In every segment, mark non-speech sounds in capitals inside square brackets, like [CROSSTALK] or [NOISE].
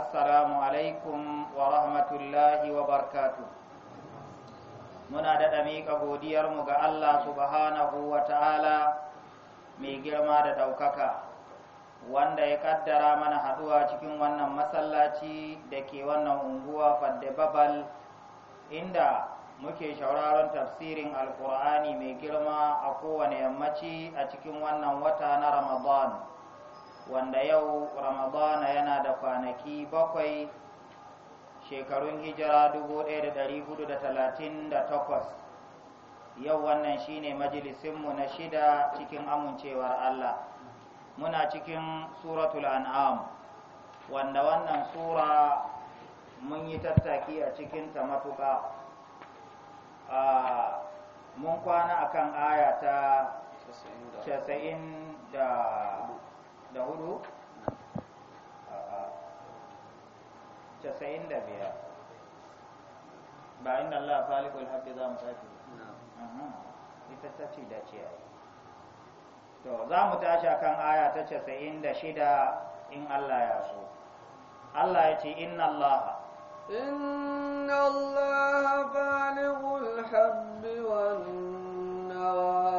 assalamu alaikum wa rahmatullahi wa barkatu. muna daɗa miƙa godiyarmu ga Allah subhanahu wa ta'ala mai girma da ɗaukaka wanda ya kaddara mana haɗuwa cikin wannan masallaci da ke wannan unguwa fadde babal inda muke shauraron tafsirin alkur'ani mai girma a kowane yammaci a cikin wannan wata na ramadan wanda yau ramadana yana da kwanaki bakwai shekarun hijira 1438 yau wannan shine majalisinmu na shida cikin amincewar Allah muna cikin suratul an'am wanda wannan sura mun yi tattaki a cikinta matuƙa mun kwana akan aya ta da. da hudu casa'in da biyar ba inda Allah falikul haƙi za mu tafi ita ta ci da ce to za mu tashi kan aya ta casa'in da shida in Allah ya so Allah ya ce inna Allah inna Allah falikul haƙi wannan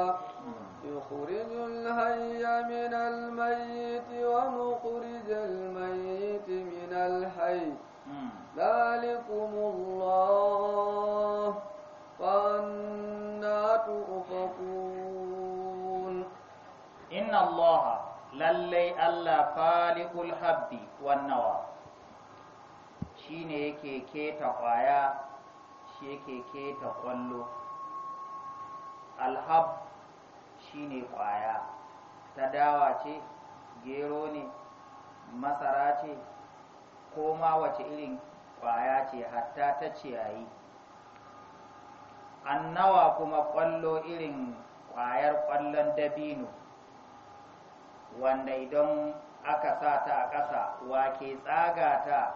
يخرج الحي من الميت ومخرج الميت من الحي ذلكم الله فأنا تؤفكون إن الله للي ألا خالق الحب والنوى shine yake keta kwaya shi yake keta kwallo alhab Shi ne kwaya ta dawa ce gero ne masara ce ko ma wace irin kwaya ce hatta ta ciyayi nawa kuma kwallo irin ƙwayar ƙwallon dabino wanda idan aka sa ta a ƙasa wake tsaga ta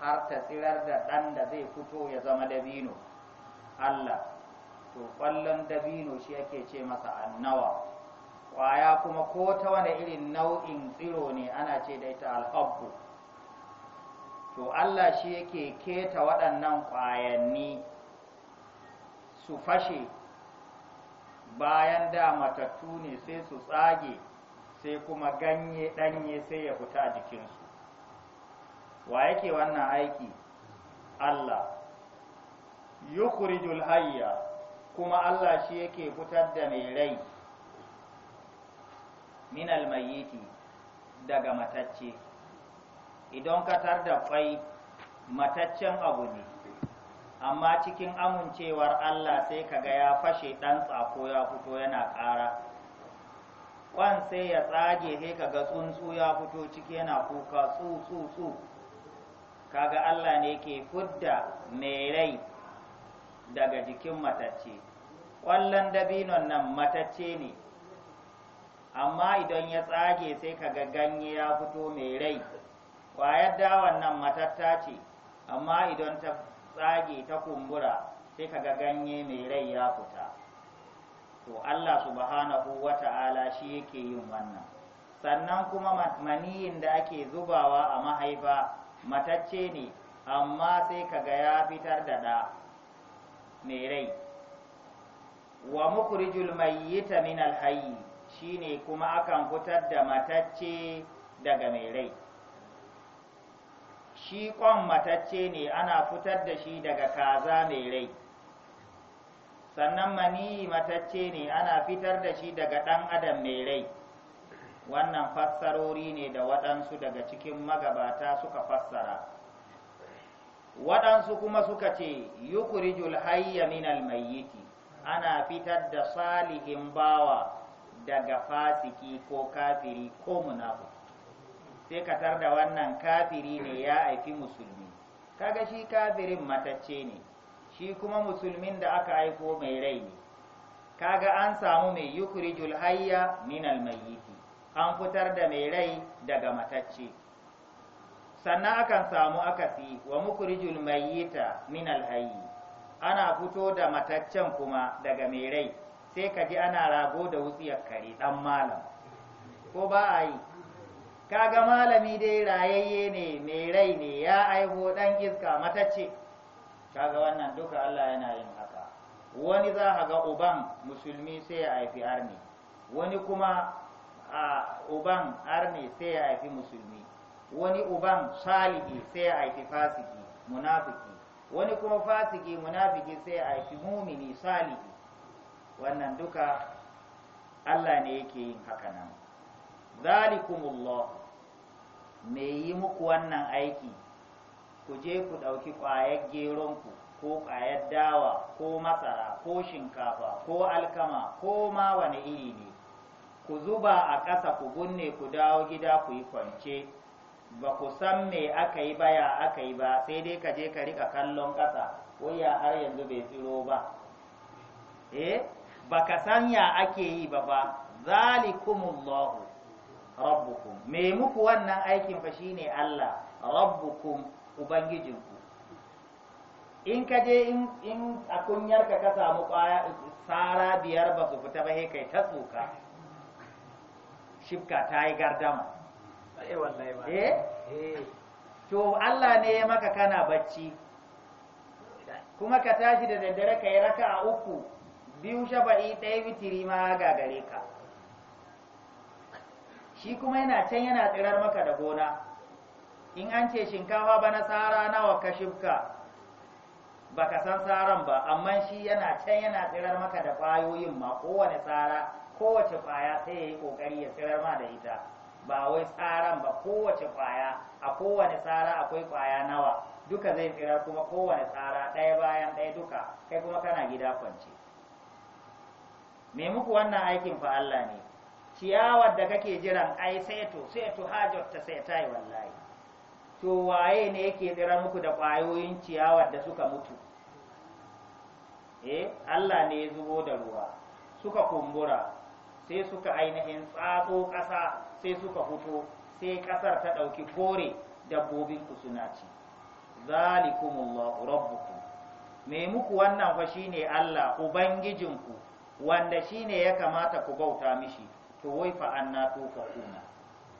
har ta tsirar da ɗan da zai fito ya zama dabino Allah to kwallon dabino shi yake ce masa annawa Kwaya kuma ko ta wani irin nau'in tsiro ne ana ce da ita alhabbu to allah shi yake keta waɗannan ƙwayanni su fashe bayan da matattu ne sai su tsage sai kuma ganye ɗanye sai ya fita a jikinsu wa yake wannan aiki allah yukuri hayya kuma Allah shi yake fitar da mai rai minal mayyiti daga matacce idan ka tar da kwai mataccen abu ne amma cikin amincewar Allah sai kaga ya fashe ɗan tsako ya fito yana ƙara kwan sai ya tsage sai kaga tsuntsu ya fito ciki yana kuka tsu tsu tsu kaga Allah ne ke fudda mai rai daga jikin matacce ƙwallon dabinon nan matacce ne amma idan ya tsage sai kaga ganye ya fito mai rai ƙwayar dawan nan matatta ce amma idan ta tsage ta kumbura sai kaga ganye mai rai ya fita to Allah subhanahu wata'ala shi yake yin wannan sannan kuma maniyin da ake zubawa a mahaifa matacce ne amma sai kaga ya fitar da ɗa mai rai wa mukhrijul mayyita min alhayy shine kuma akan fitar da matacce daga mai rai shi kon matacce ne ana fitar da shi daga kaza mai rai sannan mani matacce ne ana fitar da shi daga ɗan adam mai rai wannan fassarori ne da waɗansu daga cikin magabata suka fassara waɗansu kuma suka ce yukuri hayya minal mayyiti ana fitar da salihin bawa daga fasiki ko kafiri ko munafu sai ka tar da wannan kafiri ne ya haifi musulmi kaga shi kafirin matacce ne shi kuma musulmin da aka aiko mai rai ne kaga an samu mai yukuri hayya minal mayyiti an fitar da mai rai daga matacce sannan akan samu akasi wa mukurijul mayyita min alhayy ana fito da mataccen kuma daga mai rai sai ka ji ana rago da wutsiyar kare dan malam ko ba a yi kaga malami dai rayayye ne mai rai ne ya aiho dan iska matacce kaga wannan duka Allah yana yin haka wani za ka ga uban musulmi sai ya haifi arni wani kuma a uban arni sai ya haifi musulmi wani uban salihi sai a haifi fasiki munafiki wani kuma fasiki munafiki sai a haifi mumini salihi wannan duka Allah ne yake yin haka nan zalikumullah me yi muku wannan aiki ku je ku ɗauki ƙwayar ku ko ƙwayar dawa ko masara ko shinkafa ko alkama ko ma wani iri ne ku zuba a ƙasa ku gunne ku dawo gida ku yi kwance ba ku san me aka yi baya aka yi ba sai dai ka je ka rika kallon ƙasa ya har yanzu bai tsiro ba eh ba ka san ya ake yi ba ba zalikumullahu rabbukum me muku wannan aikin fa shine Allah rabbukum ubangijinku in ka je in a kunyarka ka samu kwaya tsara biyar ba su fita ba kai ta tsoka shifka ta yi gardama Eh, eh? Eh. to Allah ne ya maka kana bacci kuma ka tashi da daddare ka yi raka a uku biyu shafa'i ɗaya bitiri ma gagare ka shi kuma yana can yana tsirar maka da gona in an ce shinkafa ba na nawa ka shifka ba ka san tsaran ba amma shi yana can yana tsirar maka da kwayoyin ma kowane tsara kowace baya sai ya yi ƙoƙari ya tsirar ma da ita ba wai tsaran ba kowace kwaya a kowane tsara akwai kwaya nawa duka zai tsirar kuma kowane tsara ɗaya bayan ɗaya duka kai kuma kana gida kwance me muku wannan aikin fa Allah ne ciyawar da kake jiran ai seto seto hajar ta sai yi wallahi to waye ne yake tsira muku da kwayoyin ciyawar da suka mutu eh Allah ne ya zubo da ruwa suka kumbura sai suka ainihin tsatso ƙasa sai suka fito sai ƙasar ta ɗauki kore dabbobin ku suna ci zalikumullahu rabbukum me muku wannan fa shine Allah ubangijinku wanda shine ya kamata ku bauta mishi to wai fa anna kuna.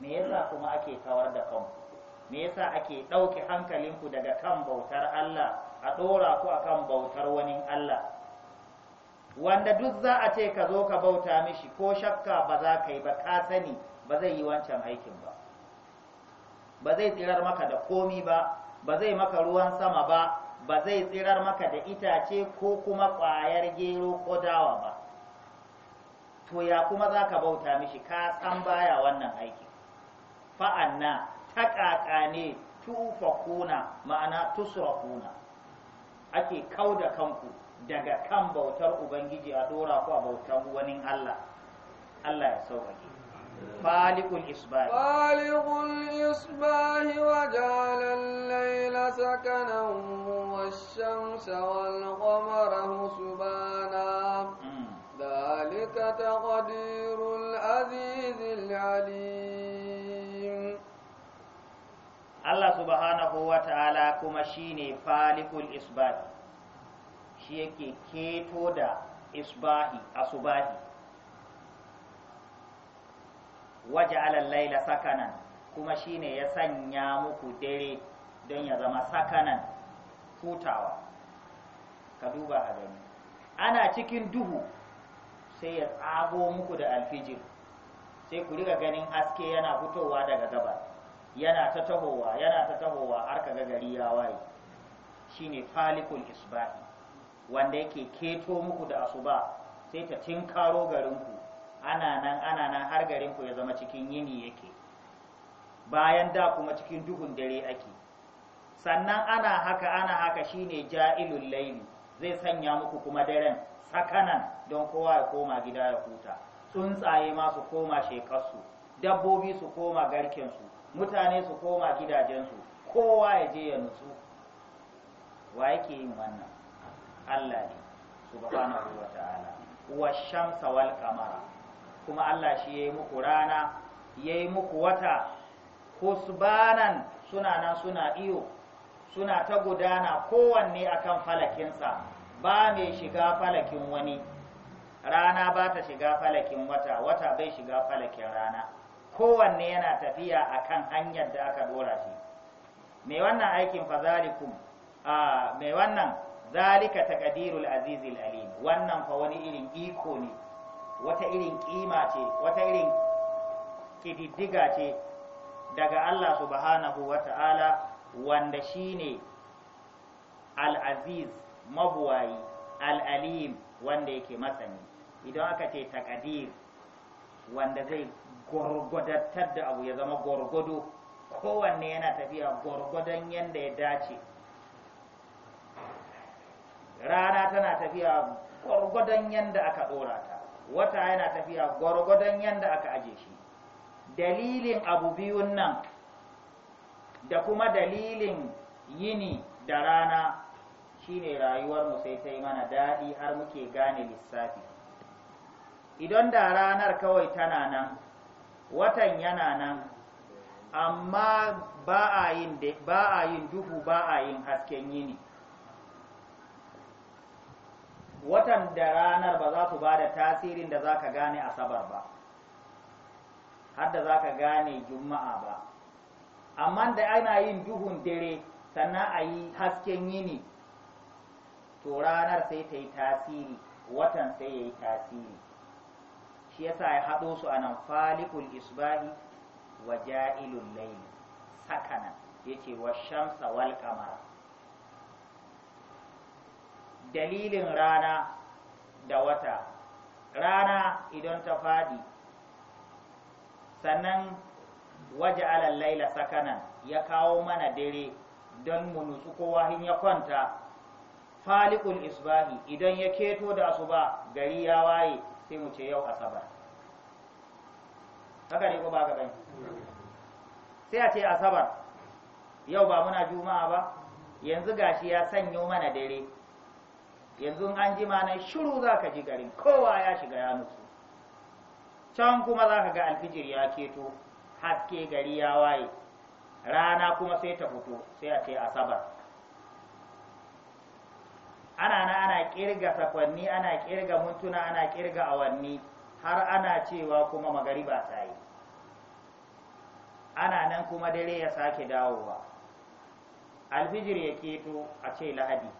me yasa kuma ake kawar da kanku me yasa ake ɗauke hankalinku daga kan bautar Allah a ɗora ku akan bautar wani Allah wanda duk za a ce ka zo ka bauta mishi ko shakka ba za ka yi ba ka sani ba zai yi wancan aikin ba ba zai tsirar maka da komi ba ba zai maka ruwan sama ba ba zai tsirar maka da itace ko kuma kwayar gero ko dawa ba to ya kuma za ka bauta mishi ka san baya wannan aiki fa'anna ta ƙaƙa ne kuna, ma'ana kuna ake kau da kanku daga kan bautar ubangiji a ɗora ku a bautar wani allah allah ya sauƙaƙe فالق الإصباح فالق الإصباح وجعل الليل سكنا والشمس والقمر حسبانا ذلك تقدير العزيز العليم الله سبحانه وتعالى كما شيني خالق الإصباح shi yake keto da isbahi asubahi Waje alal laila sakanan kuma shine ya sanya muku dare don ya zama sakanan hutawa ka duba a gani ana cikin duhu sai ya tsago muku da alfijir sai ku riga ganin haske yana fitowa daga gabas yana ta tahowa yana ta tahowa har ka ga gari ya waye shine falikul isbahi wanda yake keto muku da asuba sai ta tinkaro garinku ana nan ana nan har garin ku ya zama cikin yini yake bayan da kuma cikin duhun dare ake sannan ana haka ana haka shine ja'ilul layli zai sanya muku kuma daren sakanan don kowa ya koma gida ya huta tsuntsaye ma su koma shekarsu dabbobi su koma garkensu mutane su koma gidajensu kowa ya je ya nutsu wa yake yin wannan Allah ne subhanahu wa ta'ala wa shamsa wal kamara kuma Allah shi ya yi muku rana ya yi muku wata husbanan suna nan suna iyo suna ta gudana kowanne akan falakinsa ba mai shiga falakin wani rana ba ta shiga falakin wata wata bai shiga falakin rana kowanne yana tafiya akan hanyar da aka dora shi mai wannan aikin fa zalikum a mai wannan zalika taqdirul azizil alim wannan fa wani irin iko ne wata irin kima ce wata irin kididdiga ce daga Allah subhanahu wa ta'ala wanda shine al-aziz mabuwayi al-alim wanda yake masani. idan aka ce takadir wanda zai gwargwadatar da abu ya zama gwargwado kowanne yana tafiya gwargwadon yadda ya dace rana tana tafiya gwargwadon yadda aka ɗorata. wata yana tafiya gwargwadon yadda aka aje shi dalilin abu biyun nan da kuma dalilin yini da rana shine rayuwarmu sai ta yi mana daɗi har muke gane lissafi idan da ranar kawai tana nan watan yana nan amma ba a yin duhu ba a yin hasken yini watan da ranar ba za su ba da tasirin da za ka gane asabar ba har da za ka gane juma'a ba amma da ana yin duhun dare sannan a yi hasken yini to ranar sai ta yi tasiri watan sai ya yi tasiri shi yasa ya haɗo su a nan falikul isbahi wa ja'ilul laili sakanan yace wa shamsa wal kamara dalilin rana da wata rana idan ta fadi sannan waje laila sakanan ya kawo mana dare don mu nutsu kowa hin ya kwanta falikul isbahi idan ya keto da asuba gari ya waye sai mu ce yau asabar haka ne ko ba ka gani sai a ce asabar yau ba muna juma'a ba yanzu gashi ya sanyo mana dare yanzu an ji nan shiru za ka ji garin kowa ya shiga ya nutsu can kuma za ka ga alfijir ya keto haske gari ya waye rana kuma sai ta fito sai a ce asabar ana na ana kirga sakonni, ana kirga mintuna ana kirga awanni har ana cewa kuma magariba ta yi ana nan kuma dare ya sake dawowa alfijir ya keto a ce lahadi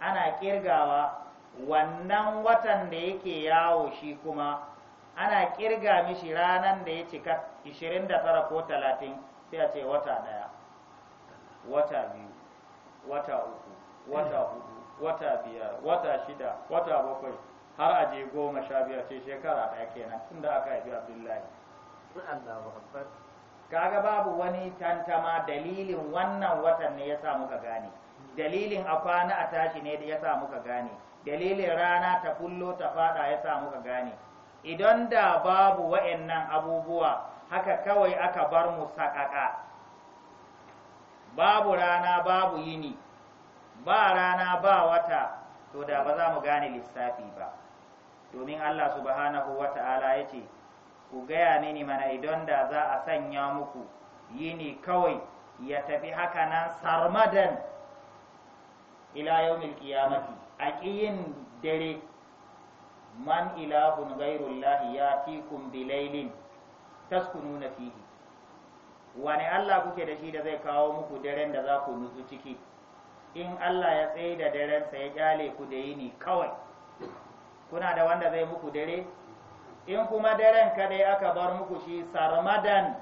ana kirgawa wannan watan da yake yawo shi kuma ana kirga mishi ranan da ya cika 29 ko 30 sai a ce wata daya wata biyu wata uku wata hudu wata biyar wata shida wata bakwai har a je goma sha biyar ce shekara daya kenan da aka haifi abdullahi kaga babu wani tantama dalilin wannan watan ne ya sa muka gane dalilin a kwana a tashi ne ya sa muka gane dalilin rana ta kullo ta fada ya sa muka gane idan da babu wa'annan abubuwa haka kawai aka bar mu sakaka babu rana babu yini ba rana ba wata to da ba za mu gane lissafi ba domin Allah subhanahu wa ta'ala ya ce ku gaya mini mana idan da za a sanya muku yini kawai ya tafi haka nan sarmadan ila yawmil qiyamati aqiyin dare man ilahun ghairullah yatikum bilailin taskununa fihi Wani Allah kuke da shi da zai kawo muku daren da za ku nutsu ciki in Allah ya tsaye da darensa ya kyale ku da yini kawai kuna da wanda zai muku dare in kuma daren kadai aka bar muku shi sarmadan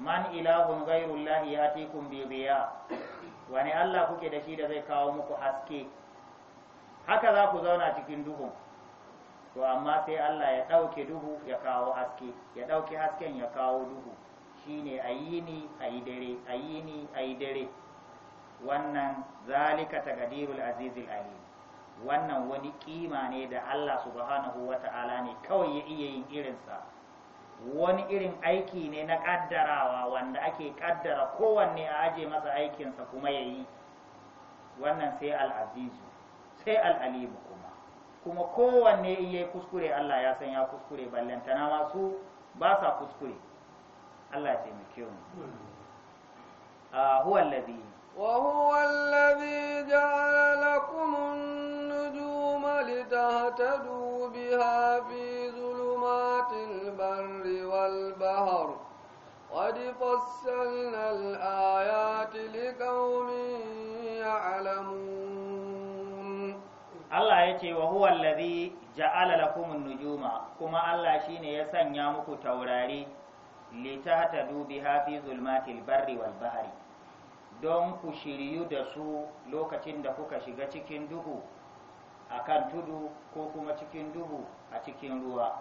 man ilahun ghairullah yatikum bi wani Allah kuke da shi da zai kawo muku haske haka za ku zauna cikin duhu to amma sai Allah ya ɗauke duhu ya kawo haske ya ɗauke hasken ya kawo duhu shine a yi ni a yi dare a yi ni a yi dare wannan zalika ta gadirul azizul alim wannan wani kima ne da Allah subhanahu wata'ala ne kawai ya iya yin irinsa wani irin aiki ne na kaddarawa wanda ake kaddara kowanne a aje masa aikinsa kuma ya yi wannan sai al'azizu sai al'alibu kuma kuma kowanne in yi kuskure Allah ya san ya kuskure ballantana masu ba sa kuskure Allah ce mu kyau a huwa allazi wa huwa allazi ja'ala lakum an ta litahtadu البر والبحر قد فصلنا الآيات لقوم يعلمون الله يتي وهو الذي جعل لكم النجوم كما الله شين يسن يامك توراري لتهتدوا بها في ظلمات البر don ku shiryu da su lokacin da kuka shiga cikin duhu a kan tudu ko kuma cikin duhu a cikin ruwa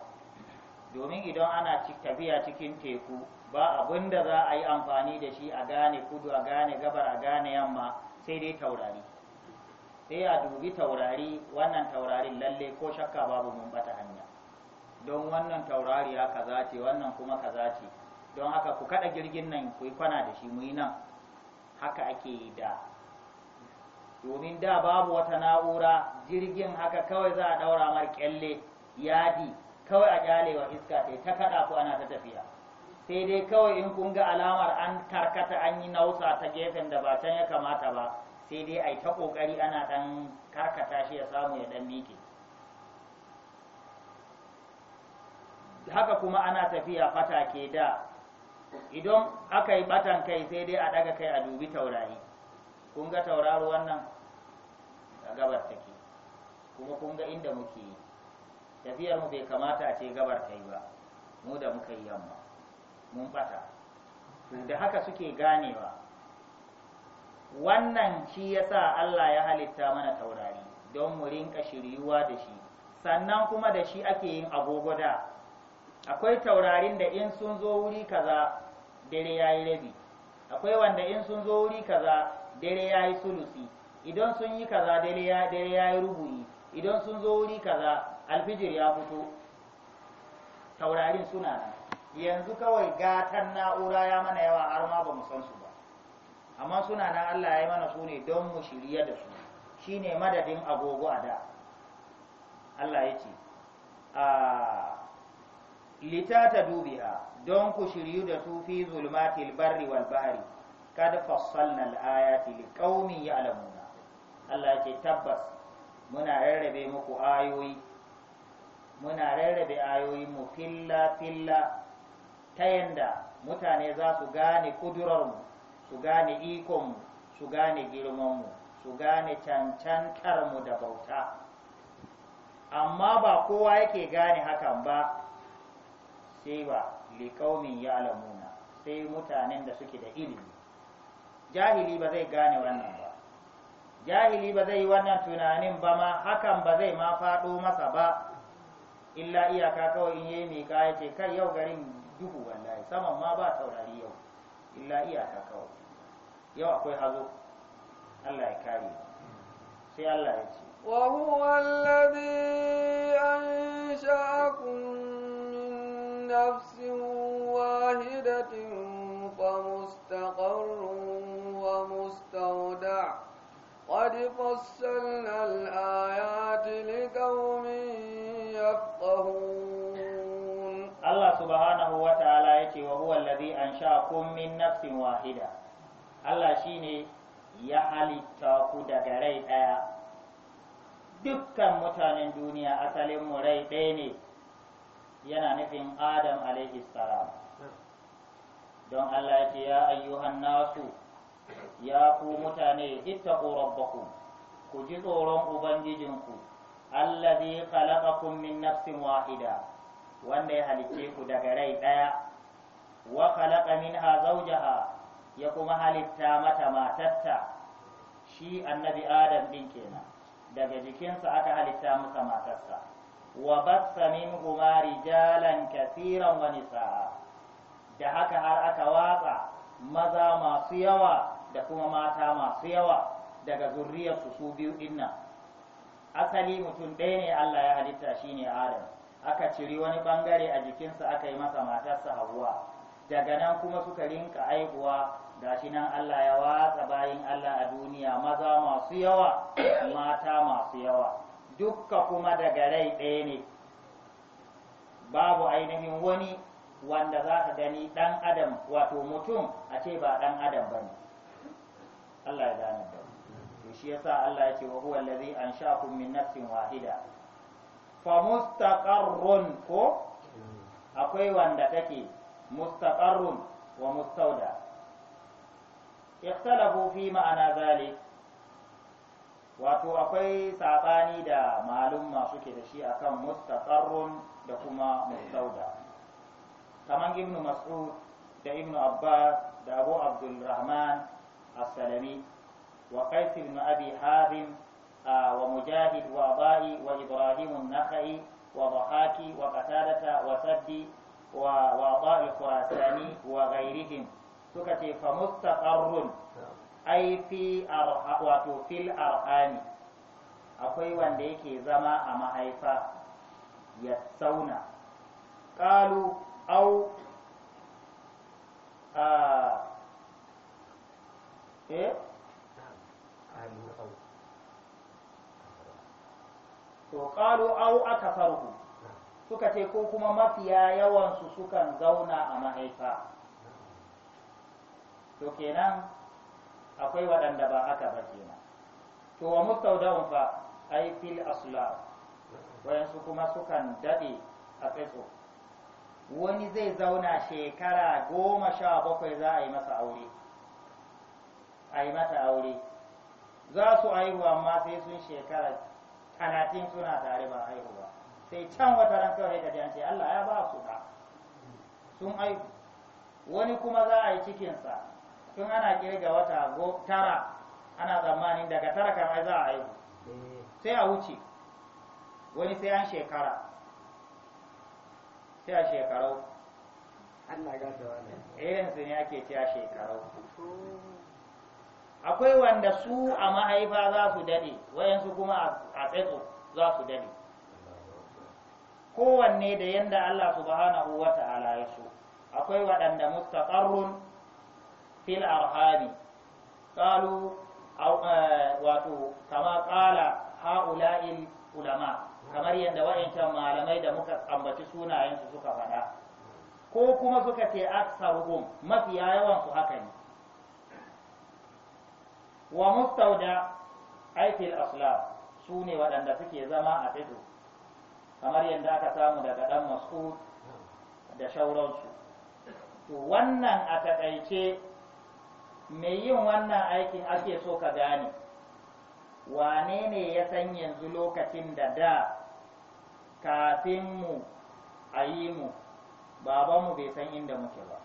domin idan ana tafiya cikin teku ba abin da za a yi amfani da shi a gane kudu a gane gabar a gane yamma sai dai taurari sai a dubi taurari wannan taurarin lalle ko shakka babu mun bata hanya don wannan ya kaza ce wannan kuma kaza ce don haka ku kada jirgin nan ku yi kwana da shi mu yi nan haka ake yi da domin da babu wata na'ura jirgin haka kawai za a daura mar kyalle yadi kawai a galewa iska ta ta kaɗa ko ana ta tafiya sai dai kawai in kun ga alamar an karkata an yi nausa ta gefen da ba can ya kamata ba sai dai a ta kokari ana dan karkata shi ya samu ya ɗan miƙe haka kuma ana tafiya fatake da idan aka yi batan kai sai dai a ɗaga kai a dubi taurari kun ga tauraro wannan a gabar take kuma kun ga inda muke yi tafiyar mu bai kamata a ce gabar ta yi ba mu da muka yi yamma mun bata da haka suke ganewa wannan shi yasa Allah ya halitta mana taurari don mu rinka shiryuwa da shi sannan kuma da shi ake yin agogo da akwai taurarin da in sun zo wuri kaza dare yayi rabi akwai wanda in sun zo wuri kaza dare yayi sulusi idan sun yi kaza dare yayi rubu'i idan sun zo wuri kaza alfijir ya fito taurarin suna nan yanzu kawai gatan na'ura ya mana yawa har ma ba mu san su ba amma suna nan Allah ya yi mana su ne don mu shirya da su shine madadin agogo a da Allah ya ce a ta dubiya don ku shiryu da su fi zulmatil barri wal bahri kad fassalna al ayati liqaumin ya'lamuna Allah ya ce tabbas muna rarrabe muku ayoyi muna rarrabe mu filla-filla ta yanda mutane za su gane kudurarmu su gane ikonmu su gane girmanmu su gane cancantarmu da bauta amma ba kowa yake gane hakan ba sai ba liƙaumin ya alamuna sai mutanen da suke da ilimi jahili ba zai gane wannan ba jahili ba zai yi wannan tunanin ba ma hakan ba zai ma faɗo masa ba illa iyaka kawai in yi mika ya ce kai yau garin duhu wallahi saman ma ba taurari yau illa iyaka kawai yau akwai hazo Allah ya kare sai Allah ya ce wa huwa alladhi ansha'akum min nafsin wahidatin fa mustaqarrun wa mustawda' قد فصلنا الآيات لقوم تفقهون الله سبحانه وتعالى يتي وهو الذي أنشأكم من نفس واحدة الله شيني ya halitta ku daga rai ɗaya dukkan mutanen duniya asalin mu rai ɗaya ne yana nufin adam alaihi salam don allah ce ya ayyuhan nasu ya ku mutane ittaqu rabbakum ku ji tsoron ubangijinku alladhi khalaqakum min nafsin wahida wanda ya halice ku daga rai daya wa khalaqa minha zawjaha ya kuma halitta mata matarta shi annabi adam din kenan daga jikinsa aka halitta masa matarsa wa batsa Umarijalan rijalan kasiran wa nisaa da haka har aka watsa maza masu yawa da kuma mata masu yawa daga zurriyar su biyu dinnan asali mutum ɗaya ne Allah ya halitta shi ne Adam aka ciri wani ɓangare a jikinsa aka yi masa matarsa Hauwa. daga nan kuma suka rinka aihuwa shi nan Allah ya watsa bayan Allah a duniya maza masu yawa [COUGHS] mata masu yawa dukka kuma daga rai ɗaya ne babu ainihin wani wanda za ka gani ɗan adam wato mutum a ce ba ɗan adam ba ne Allah ya gane shi yasa Allah ya ce wa huwa allazi anshakum min nafsin wahida fa mustaqarrun ko akwai wanda take mustaqarrun wa mustauda ikhtalafu fi ma'ana zalik wato akwai sabani da masu suke da shi akan mustaqarrun da kuma mustauda kaman ibnu mas'ud da ibnu abbas da abu abdul rahman as-salami wa kaisi ibn abi harin wa mujahid wabai wa ibrahim na wa bahaki wa katarata wa saddi wa bayi kuratani wa gairihin suka ce fa musta karun aifi a wato fil arhani akwai wanda yake zama a mahaifa ya sauna eh? to qalu au akasaruhu suka ce ko kuma mafiya yawan su sukan zauna a mahaifa to kenan akwai waɗanda ba aka ba kenan to wa mustawda'un fa ay fil asla su kuma sukan dade a tsaitso wani zai zauna shekara goma sha bakwai za a yi masa aure a yi mata aure za su haihu amma sai sun shekara talatin suna tare ba haihuwa sai can wata ran kawai ka ji an ce Allah ya ba su da sun haihu wani kuma za a yi cikinsa tun ana kirga wata tara ana tsammanin daga tara kamar za a haihu sai a wuce wani sai an shekara sai a shekarau Allah ga da wannan irin su ne ake cewa shekarau oh. akwai wanda su a mahaifa za su dade wayansu kuma a tsetso za su dade kowanne da yanda Allah subhanahu wa ta'ala ya so akwai waɗanda mustaqarrun fil arhami qalu eh, wato kama qala haula'il ulama kamar yadda wayancan malamai da muka ambaci sunayensu suka faɗa ko kuma suka ce aksaruhum mafiya yawan su haka ne wa mustauda al asla su ne waɗanda suke zama a fito kamar yadda aka samu daga ɗan mas'ud da shauransu to wannan a taƙaice mai yin wannan aikin ake so ka gane wane ne ya san yanzu lokacin da da kafin mu a yi mu babanmu bai san inda muke ba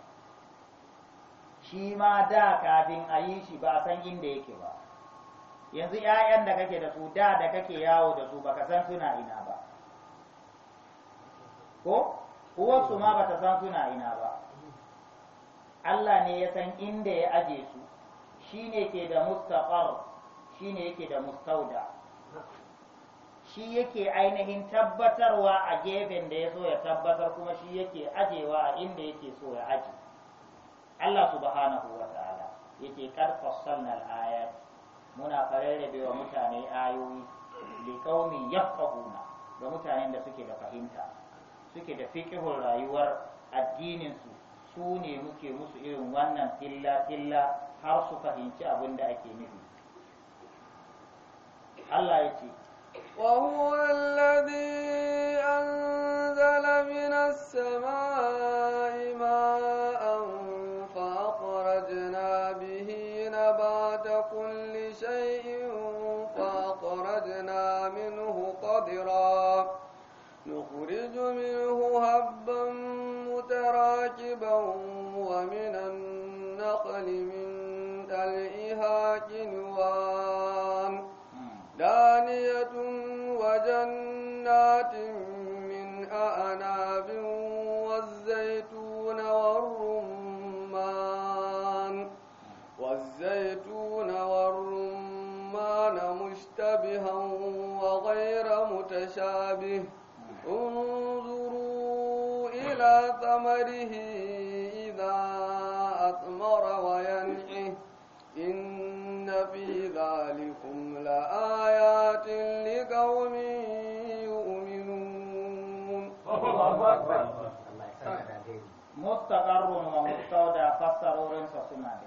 shi ma da kafin a yi shi ba san inda yake ba yanzu 'ya'yan da kake da su da da kake yawo da su baka san suna ina ba ko su ma bata san suna ina ba Allah ne ya san inda ya aje su shi ne ke da mustaqar shi yake da mustauda shi yake ainihin tabbatarwa a gefen da ya so ya tabbatar kuma shi yake ajewa a inda yake so ya aje Allah subhanahu wa ta'ala yake kar fassalna al-ayat muna fararrabe wa mutane ayoyi li qaumin yafqahuna ga mutanen da suke da fahimta suke da fiqhul rayuwar addinin su su ne muke musu irin wannan tilla tilla har su fahimci abin da ake nufi Allah ya ce وهو الذي أنزل من السماء منه هبا متراكبا ومن النخل من تلئها كنوان دانية وجنات من أعناب والزيتون والرمان والزيتون والرمان مشتبها وغير متشابه انظروا إلى ثمره إذا أثمر وينعه إن في ذلكم لآيات لقوم يؤمنون مستقر ومستودع فسرورين سسنا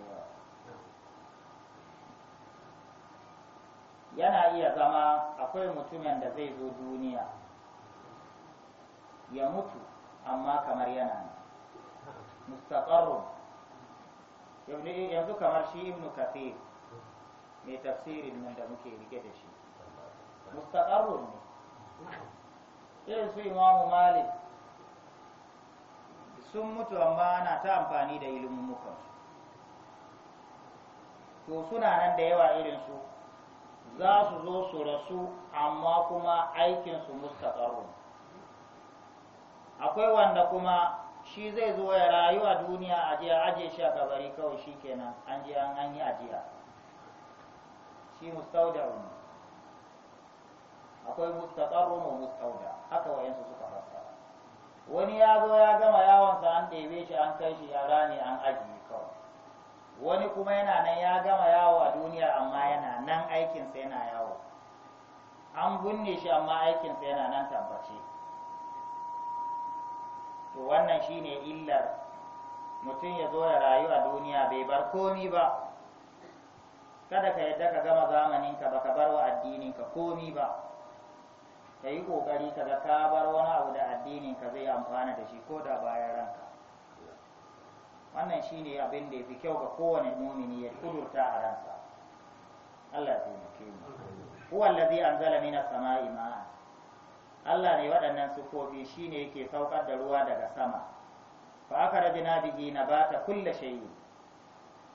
yana iya zama akwai mutumin da zai zo duniya ya mutu amma kamar yana nan mustaqarrun yanzu kamar shi ibn kathir mai tafsirin nan da muke rike da shi mustaqarrun ne irin su imamu malik sun mutu amma ana ta amfani da ilimin to suna nan da yawa irin su za su zo su rasu amma kuma aikinsu mustaqarrun akwai wanda kuma shi zai zo ya rayu a duniya a jiya aje shi a kabari kawai shi kenan an ji an yi yi ajiya shi ne. akwai mustaqarrun wa mustauda haka wayansu suka fassara wani ya zo ya gama yawonsa an ɗebe shi an kai shi ya rani an ajiye kawai wani kuma yana nan ya gama yawo a duniya amma yana nan aikinsa yana yawo an binne shi amma aikinsa yana nan tabbace to wannan shine illar mutum ya zo ya rayu a duniya bai bar komi ba kada ka yadda ka gama zamaninka ba ka bar wa addininka komi ba ka yi ƙoƙari ka ka bar wani abu da addininka zai amfana da shi ko da bayan ranka wannan shine abin da ya fi kyau ga kowane mumini ya kudurta a ransa Allah ya taimake mu huwa allazi anzala minas sama'i ma'a Allah ne waɗannan sufofi shine yake saukar da ruwa daga sama fa na bihi ta kulle shayi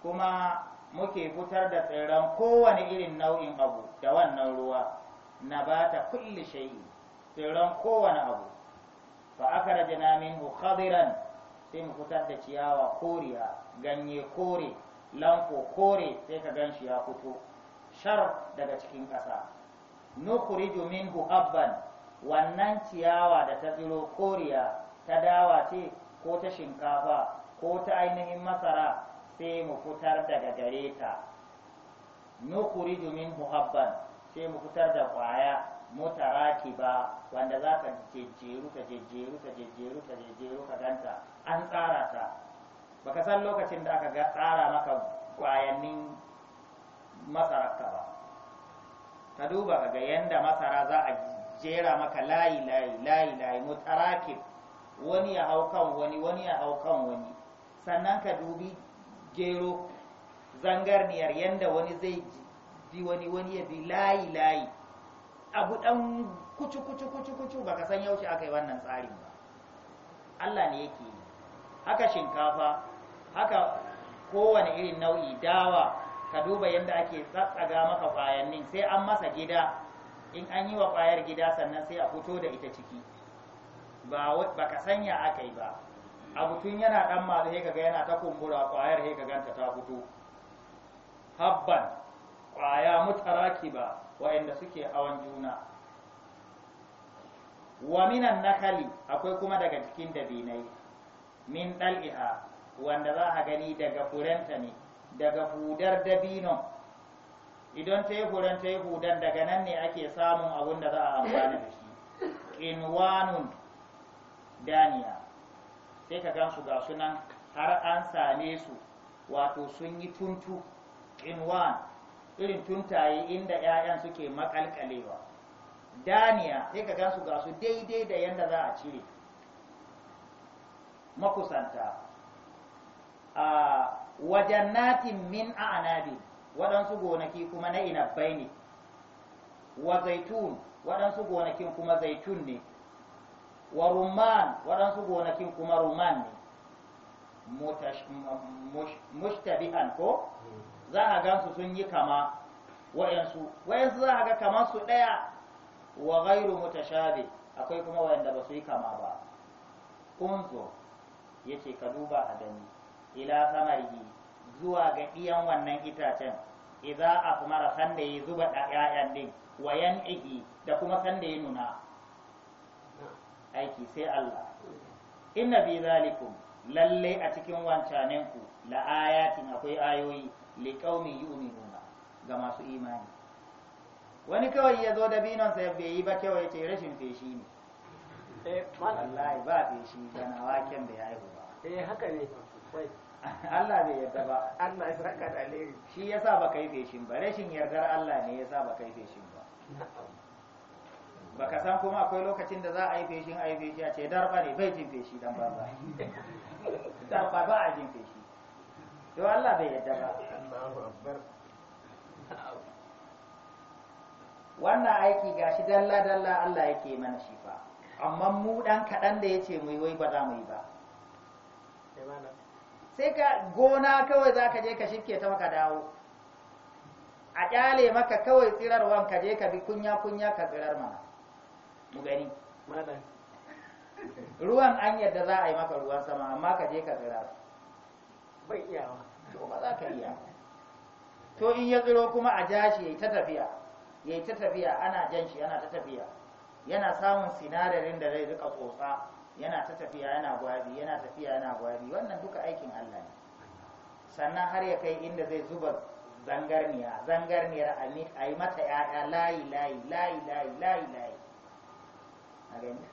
kuma muke fitar da tsirran kowane irin nau'in abu da wannan ruwa na ta kulle shayi tsirran kowane abu fa akhrajna minhu khadiran sai mu fitar da ciyawa koriya ganye kore lanko kore sai ka gan shi ya fito shar daga cikin ƙasa nukhriju minhu habban wannan ciyawa da ta tsiro koriya ta dawa ce ko ta shinkafa ko ta ainihin masara sai mu fitar daga gare ta nukuri domin muhabban sai mu fitar da kwaya mutaraki ba wanda za ka jejjeru ka jejjeru ka jejjeru ka jejjeru ka ganta an tsara ta baka san lokacin da aka ga tsara maka kwayannin masararka ba ka duba ka ga yanda masara za a jera maka layi layi layi layi mutarakib wani ya hau kan wani wani ya hau kan wani sannan ka dubi gero zangarniyar yanda wani zai bi wani wani ya bi layi layi abu dan kucu kucu kucu kucu baka san yaushe aka yi wannan tsarin ba Allah ne yake yi haka shinkafa haka kowane irin nau'i dawa ka duba yadda ake tsatsaga maka kwayannin sai an masa gida in an yi wa ƙwayar gida sannan sai a fito da ita ciki ba ka sanya aka yi ba abu tun yana ɗan malu sai kaga yana ta kumbura ƙwayar sai ka ganta ta fito habban ƙwaya mutaraki ba waɗanda suke awon juna waminan minan nakali akwai kuma daga cikin dabinai min ɗal'iha wanda za a gani daga furenta ne daga hudar dabinon idan ta yi hudan ta yi hudan daga nan ne ake samun abun da za a amfani da shi ƙinwanun daniya sai ka gansu ga sunan har an same su wato sun yi tuntu ƙinwan irin tuntaye inda 'ya'yan suke makalkalewa daniya sai ka gansu ga su daidai da yadda za a cire makusanta a natin min a'anabi waɗansu gonaki kuma na inabbai ne wa zaitun waɗansu gonakin kuma zaitun ne wa rumman waɗansu gonakin kuma rumman ne mushtabihan ko za a gansu sun yi kama wayansu wayansu za a ga kamar su ɗaya wa ghairu mutashabi akwai kuma wayanda ba su yi kama ba unzo yace ka duba a gani ila samari zuwa ga ɗiyan wannan itacen idza mara sanda yi zuba ƴaƴan din wayan yan'ihi da kuma sanda ya nuna aiki sai Allah inna fi zalikum lalle a cikin wancanen ku la ayatin akwai ayoyi li qaumi yu'minuna ga masu imani wani kawai ya zo da binon sai bai yi ba kawai ce rashin feshi ne eh wallahi ba feshi ga nawaken bai haihu ba eh haka ne Allah bai yarda ba Allah ya saka da alheri shi yasa ba kai feshin ba rashin yardar Allah ne yasa ba kai feshin ba baka san kuma akwai lokacin da za a yi feshin a yi feshi a ce darba ne bai jin feshi dan ba ba. [LAUGHS] darba ba a jin feshi to Allah bai yarda ba wannan aiki gashi dalla dalla Allah yake mana shi fa amma mu dan kadan da yace mu yi wai ba za mu yi ba sai ka gona kawai za ka je ka shirke ta maka dawo a kyale maka kawai tsirarwan ka je ka bi kunya-kunya ka tsirar mana mu gani ruwan an yadda za a yi maka ruwan sama amma ka je ka tsirar bai iyawa to ba za ka iya to in ya tsiro kuma a ja shi ya yi ta tafiya ya yi ta tafiya ana jan shi yana ta tafiya yana samun sinadarin da zai rika tsotsa yana ta tafiya yana gwabi yana tafiya yana gwabi wannan duka aikin Allah ne sannan har ya kai inda zai zuba zangarniya zangarniyar a yi mata ‘ya'ya layi layi layi layi layi layi a gani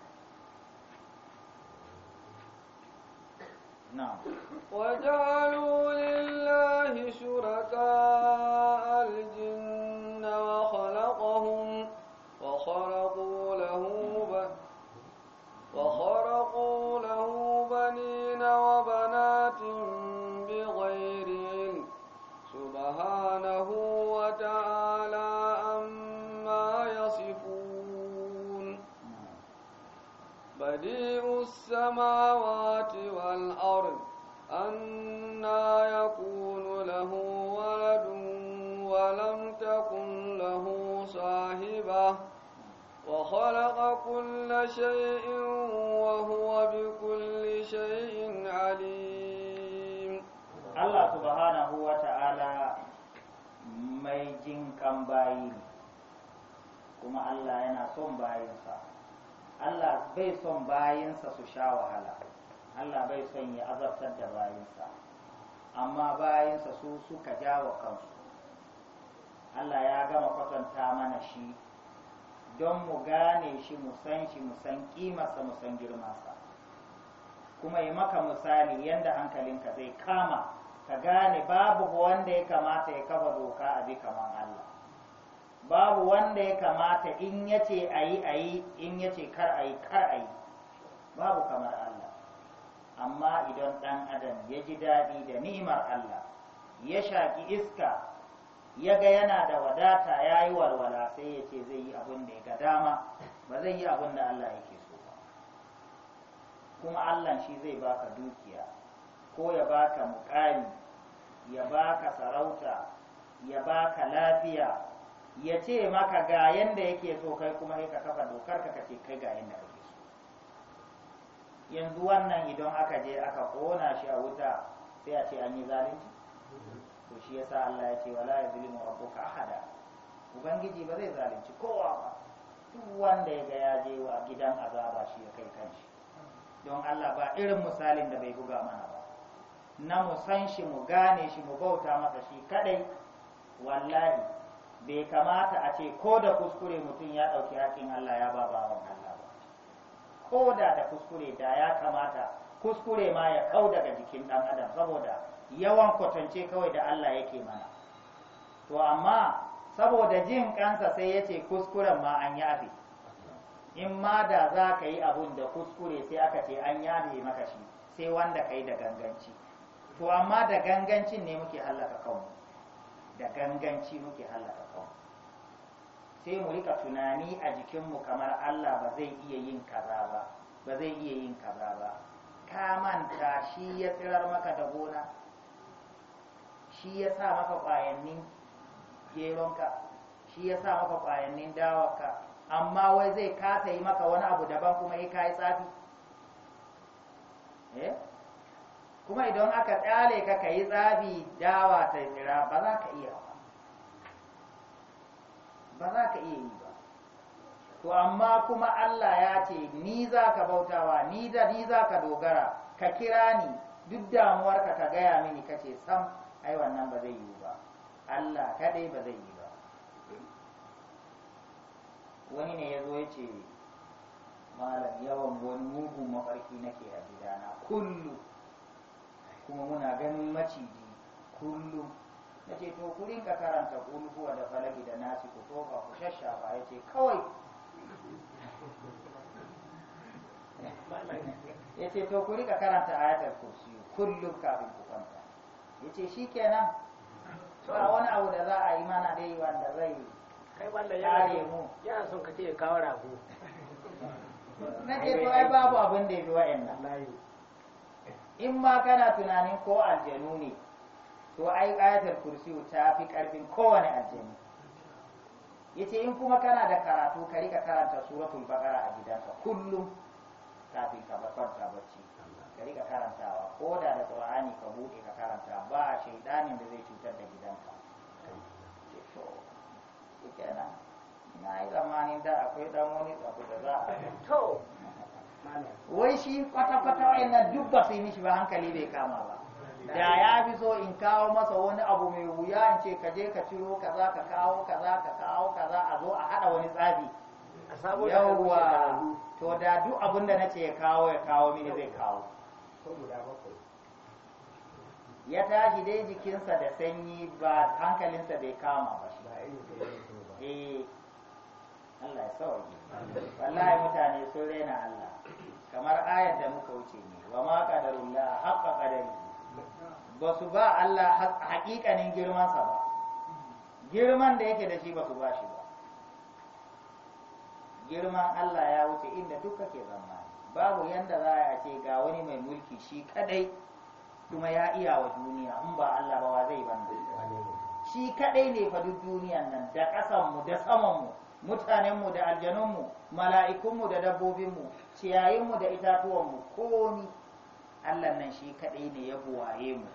نعم وجعلوا لله شركاء kan bayi ne kuma Allah yana son bayinsa Allah bai son bayinsa su sha wahala Allah bai son ya azabtar da bayinsa amma bayinsa su suka ja wa kansu Allah ya gama kwatanta mana shi don mu gane shi mu san shi mu san kimarsa mu san girmansa kuma yi maka misali yadda hankalinka zai kama ka gane babu wanda ya kamata ya kafa doka a bi kamar Allah babu wanda ya kamata in yace ayi ayi, in yace kar a kar ayi, babu kamar Allah amma idan ɗan adam ya ji daɗi da ni'imar Allah ya shaƙi iska ya ga yana da wadata ya yi walwala sai ya ce zai yi abin da ya ga dama ba zai yi abin da Allah yake so ba kuma Allah shi zai baka dukiya ko ya baka mukami ya baka sarauta ya baka lafiya ya ce maka ga yanda yake so kai kuma kai ka kafa dokar ka kace kai ga yanda kake so yanzu wannan idan aka je aka kona shi a wuta sai a ce an yi zalunci to shi yasa Allah ya ce wala yuzlimu rabbuka ahada ubangiji ba zai zalunci kowa ba duk wanda ya ga ya je wa gidan azaba shi ya kai kanshi don Allah ba irin misalin da bai buga mana ba na mu san shi mu gane shi mu bauta masa shi kadai wallahi bai kamata a ce ko da kuskure mutum ya ɗauki hakkin Allah ya ba bawan Allah ba ko da da kuskure da ya kamata kuskure ma ya kau daga jikin ɗan adam saboda yawan kwatance kawai da Allah yake mana to amma saboda jin kansa sai ya ce kuskuren ma an yafe in ma da za ka yi abun da kuskure sai aka ce an yafe maka shi sai wanda ka yi da ganganci to amma da gangancin ne muke hallaka kanmu da ganganci muke hallaka kanmu sai mu rika tunani a jikinmu kamar Allah ba zai iya yin kaza ba ba zai iya yin kaza ba ka manta shi ya tsirar maka da gona shi ya sa maka ƙwayannin geronka shi ya sa maka ƙwayannin dawaka amma wai zai kasa yi maka wani abu daban kuma ya kayi tsafi eh kuma idan aka tsale ka ka yi tsabi dawa ta jira ba za ka iya ba ba za ka iya yi ba to amma kuma Allah ya ce ni za ka bautawa ni da ni za ka dogara ka kira ni duk damuwarka ka gaya mini ka ce sam ai wannan ba zai yi ba Allah kaɗai ba zai yi ba wani ne ya zo ya ce malam yawan wani mugun mafarki nake a gidana kullum kuma muna ganin maciji kullum Ya ce to ku rinka karanta kulhuwa da falaki da nasi ku tofa ku shashafa ya ce kawai ya ce to ku rinka karanta ayatar kursi kullum kafin ku kwanta ya ce shi kenan a wani abu da za a yi mana dai wanda zai kai wanda ya mu yana son ka ce kawo rago na ce to ai babu abin da ya bi wa'in in ma kana tunanin ko aljanu ne to ai ayatul kursi ta fi karfin kowane aljanu yace in kuma kana da karatu ka rika karanta suratul baqara a gidanka kullum kafin ka kwanta bacci ka rika karantawa ko da da qur'ani ka bude ka karanta ba shaydanin da zai cutar da gidanka to kenan na yi zamanin da akwai damoni wani abu da za a to wai shi kwata-kwata wa'annan duk ba su yi mishi ba hankali bai kama ba da ya fi so in kawo masa wani abu mai wuya in ce ka je ka ciro kaza ka kawo kaza ka kawo kaza a zo a hada wani tsabi yauwa to da duk abin da nace ya kawo ya kawo mini zai kawo ya tashi dai jikinsa da sanyi ba hankalinsa bai kama ba eh. Allah ya sauke wallahi mutane sun raina Allah kamar ayar da muka wuce ne wa ma la haqqa qadari ba su ba Allah haƙiƙanin girmansa ba girman da yake da shi ba su ba shi ba girman Allah ya wuce inda duk ke zama babu yanda za a ce ga wani mai mulki shi kadai kuma ya iya wa duniya in ba Allah ba wa zai ban shi kadai ne fa duk duniyan nan da ƙasanmu da samanmu mutanenmu da aljanunmu mala'ikunmu da dabbobinmu ciyayinmu da itatuwanmu komi allah nan shi kaɗai ne ya buwaye mu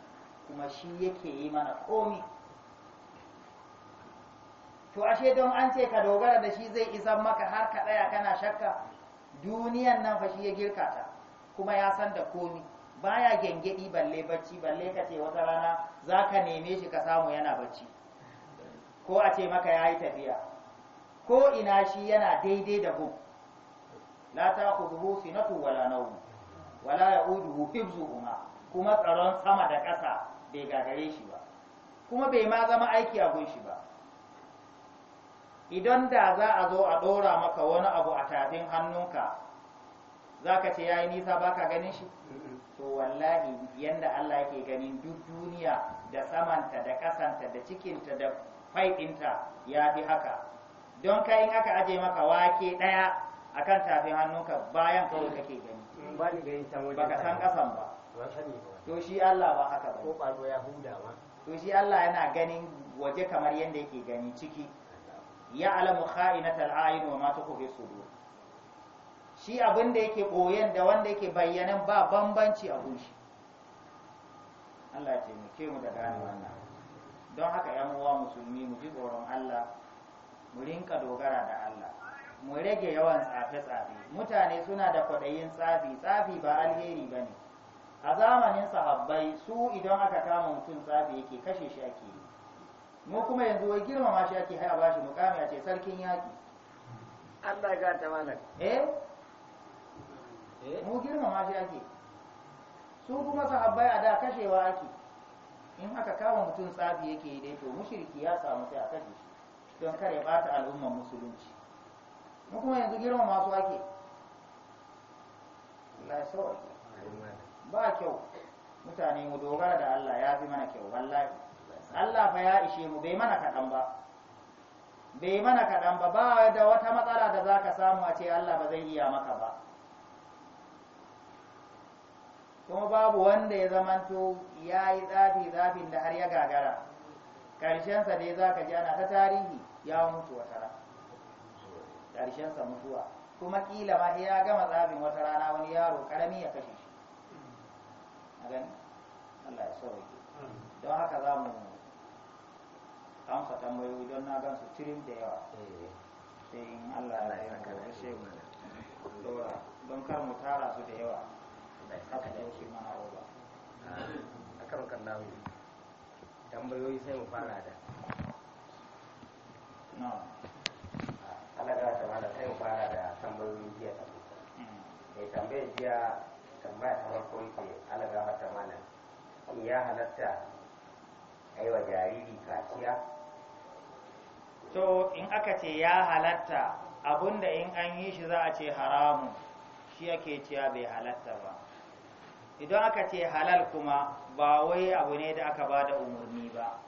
kuma shi yake yi mana komi to ashe don an ce ka dogara da shi zai isan maka har ka ɗaya kana shakka duniyan nan fa shi ya girka ta kuma ya san da komi baya gyangyaɗi balle bacci balle ka ce wata rana za ka neme shi ka samu yana bacci ko a ce maka ya yi tafiya ko ina shi yana daidai da hu la ta'khudhuhu sinatu wala nawm wala ya'uduhu hifzuhuma kuma tsaron sama da ƙasa bai gagare shi ba kuma bai ma zama aiki a gunshi ba idan da za a zo a ɗora maka wani abu a tafin hannunka za ka ce ya yi nisa ba ka ganin shi to wallahi yadda allah yake ganin duk duniya da samanta da ƙasanta da cikinta da faiɗinta ya fi haka don kai in aka aje maka wake daya akan tafin hannunka bayan kawai kake gani mm, Ba ka san kasan ba to shi Allah ba haka ba ko ya huda ba to shi Allah yana ganin waje kamar yadda yake gani ciki ya alamu kha'inatal a'yun wa ma tukhfi sudur shi abin da yake koyan da wanda yake bayyanan ba bambanci a gunshi Allah ya taimake mu da gane wannan don haka yan uwa musulmi mu ji tsoron Allah mu rinka dogara da Allah mu rage yawan tsafe-tsafe mutane suna da kwaɗayin tsafi tsafi ba alheri ba ne a zamanin sahabbai su idan aka kama mutum tsafi yake kashe shi ake yi mu kuma yanzu wai girmama shi ake haya bashi mukami a ce sarkin yaƙi Allah ya gata malam eh mu girmama shi ake su kuma sahabbai a da kashewa ake in aka kama mutum tsafi yake yi dai to mushriki ya samu sai a kashe shi don kar ya bata al'ummar musulunci mu kuma yanzu girma masu ake ba kyau mutane mu dogara da Allah ya fi mana kyau wallahi Allah fa ya ishe mu bai mana kaɗan ba bai mana kaɗan ba ba da wata matsala da za ka samu a ce Allah ba zai iya maka ba kuma babu wanda ya zamanto ya yi zafi zafin da har ya gagara ƙarshensa dai za ka ji ana ta tarihi ya mutu wata rana ƙarshensa mutuwa kuma ƙila ma ya gama tsabin wata rana wani yaro ƙarami ya kashe shi a gani allah ya sauke don haka za mu amsa tambayoyi don na gan su da yawa sai in allah ya yi kare shi don kar mu tara su da yawa haka ɗauki mana roba a kan kan tambayoyi sai mu fara da alaga ta mala sai mu fara da tambayoyi jiya ta eh tambayar jiya tambaya ta farko ke alaga ta mala in ya halatta aiwa jariri kaciya to in aka ce ya halatta abunda in an yi shi za a ce haramun shi ake cewa bai halatta ba idan aka ce halal kuma ba wai abu ne da aka ba da umarni ba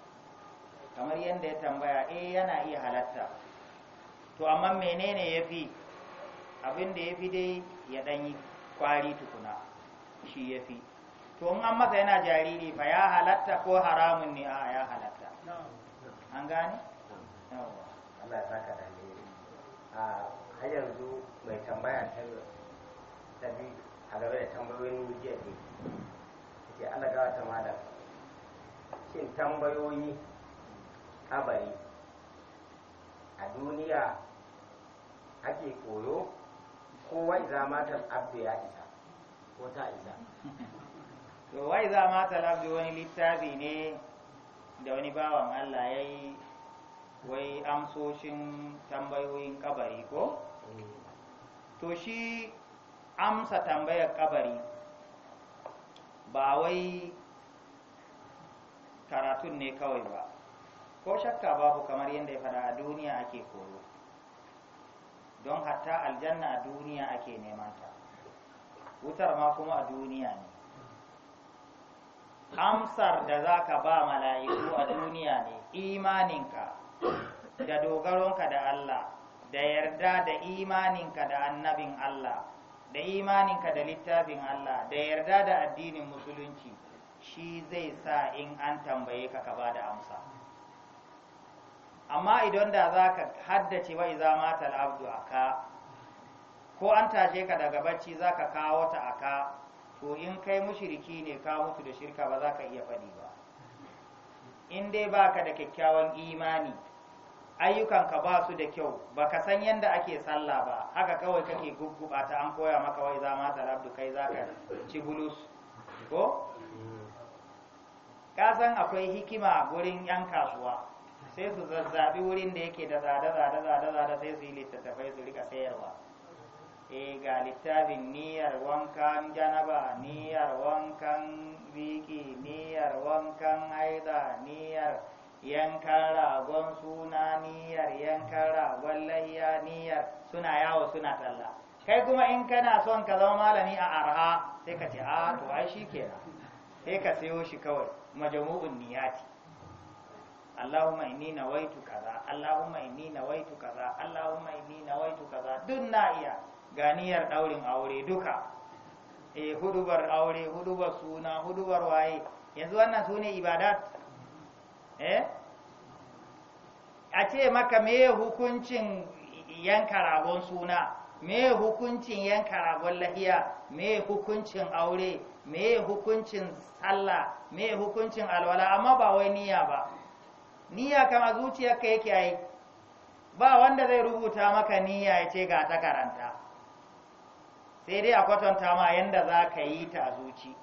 kamar yadda ya tambaya eh yana iya halatta to amma menene ya fi abin da ya fi dai ya ɗanyi kwari tukuna shi ya fi to in an masa yana jariri fa ya halatta ko haramun ne a ya halatta an gane? Allah ya saka da har yanzu mai tambaya ta biyu a gaba da tambayoyin jiya ne ke Allah gawa ta mada shin tambayoyi kabari a duniya ake koyo ko wai za matal abdu ya isa ko ta isa [LAUGHS] to wai za mata abdu wani littafi ne da wani bawan Allah ya yi wai amsoshin tambayoyin kabari ko eh. to shi amsa tambayar kabari ba wai karatun ne kawai ba ko shakka babu kamar yadda ya fada a duniya ake koyo don hatta aljanna a duniya ake nemanta wutar ma kuma a duniya ne amsar da za ka ba mala'iku a duniya ne imaninka da dogaronka da Allah da yarda da imaninka da annabin Allah da imaninka da littafin Allah da yarda da addinin musulunci shi zai sa in an tambaye ka ka bada amsa amma idan da za ka haddace wa iza matal abdu aka ko an tashe ka daga bacci za ka kawo ta aka to in kai mushiriki ne ka mutu da shirka ba za ka iya faɗi ba in dai ba ka da kyakkyawan imani ayyukanka ba su da kyau ba ka san yadda ake sallah ba haka kawai kake gugguba ta an koya maka wai za mata rabdu kai ka ci bulus ko ka san akwai hikima gurin yan kasuwa sai su zazzabi wurin da yake da zada zada zada zada sai su yi littattafai su rika sayarwa e ga littafin niyyar wankan janaba niyyar wankan biki niyyar wankan haida niyar. yankan ragon suna niyyar yankan ragon layya niyyar suna yawo suna talla kai kuma in kana son ka zama malami a arha sai ka ce a ah, to ai shi kenan sai ka sayo shi kawai majamu'un niyati Allahumma inni nawaitu kaza Allahumma inni nawaitu kaza Allahumma inni nawaitu kaza duk na iya ganiyar daurin aure duka eh hudubar aure hudubar suna hudubar waye yanzu wannan sune ibadat Eh? a ce maka me hukuncin yanka ragon suna me hukuncin yanka ragon lahiya me hukuncin aure me hukuncin sallah me hukuncin alwala amma ba wai niyya ba niyya kama zuciyarka yake yi. ba wanda zai rubuta maka niyya ya ce ga ta karanta sai dai a kwatanta ma yanda za ka yi ta zuci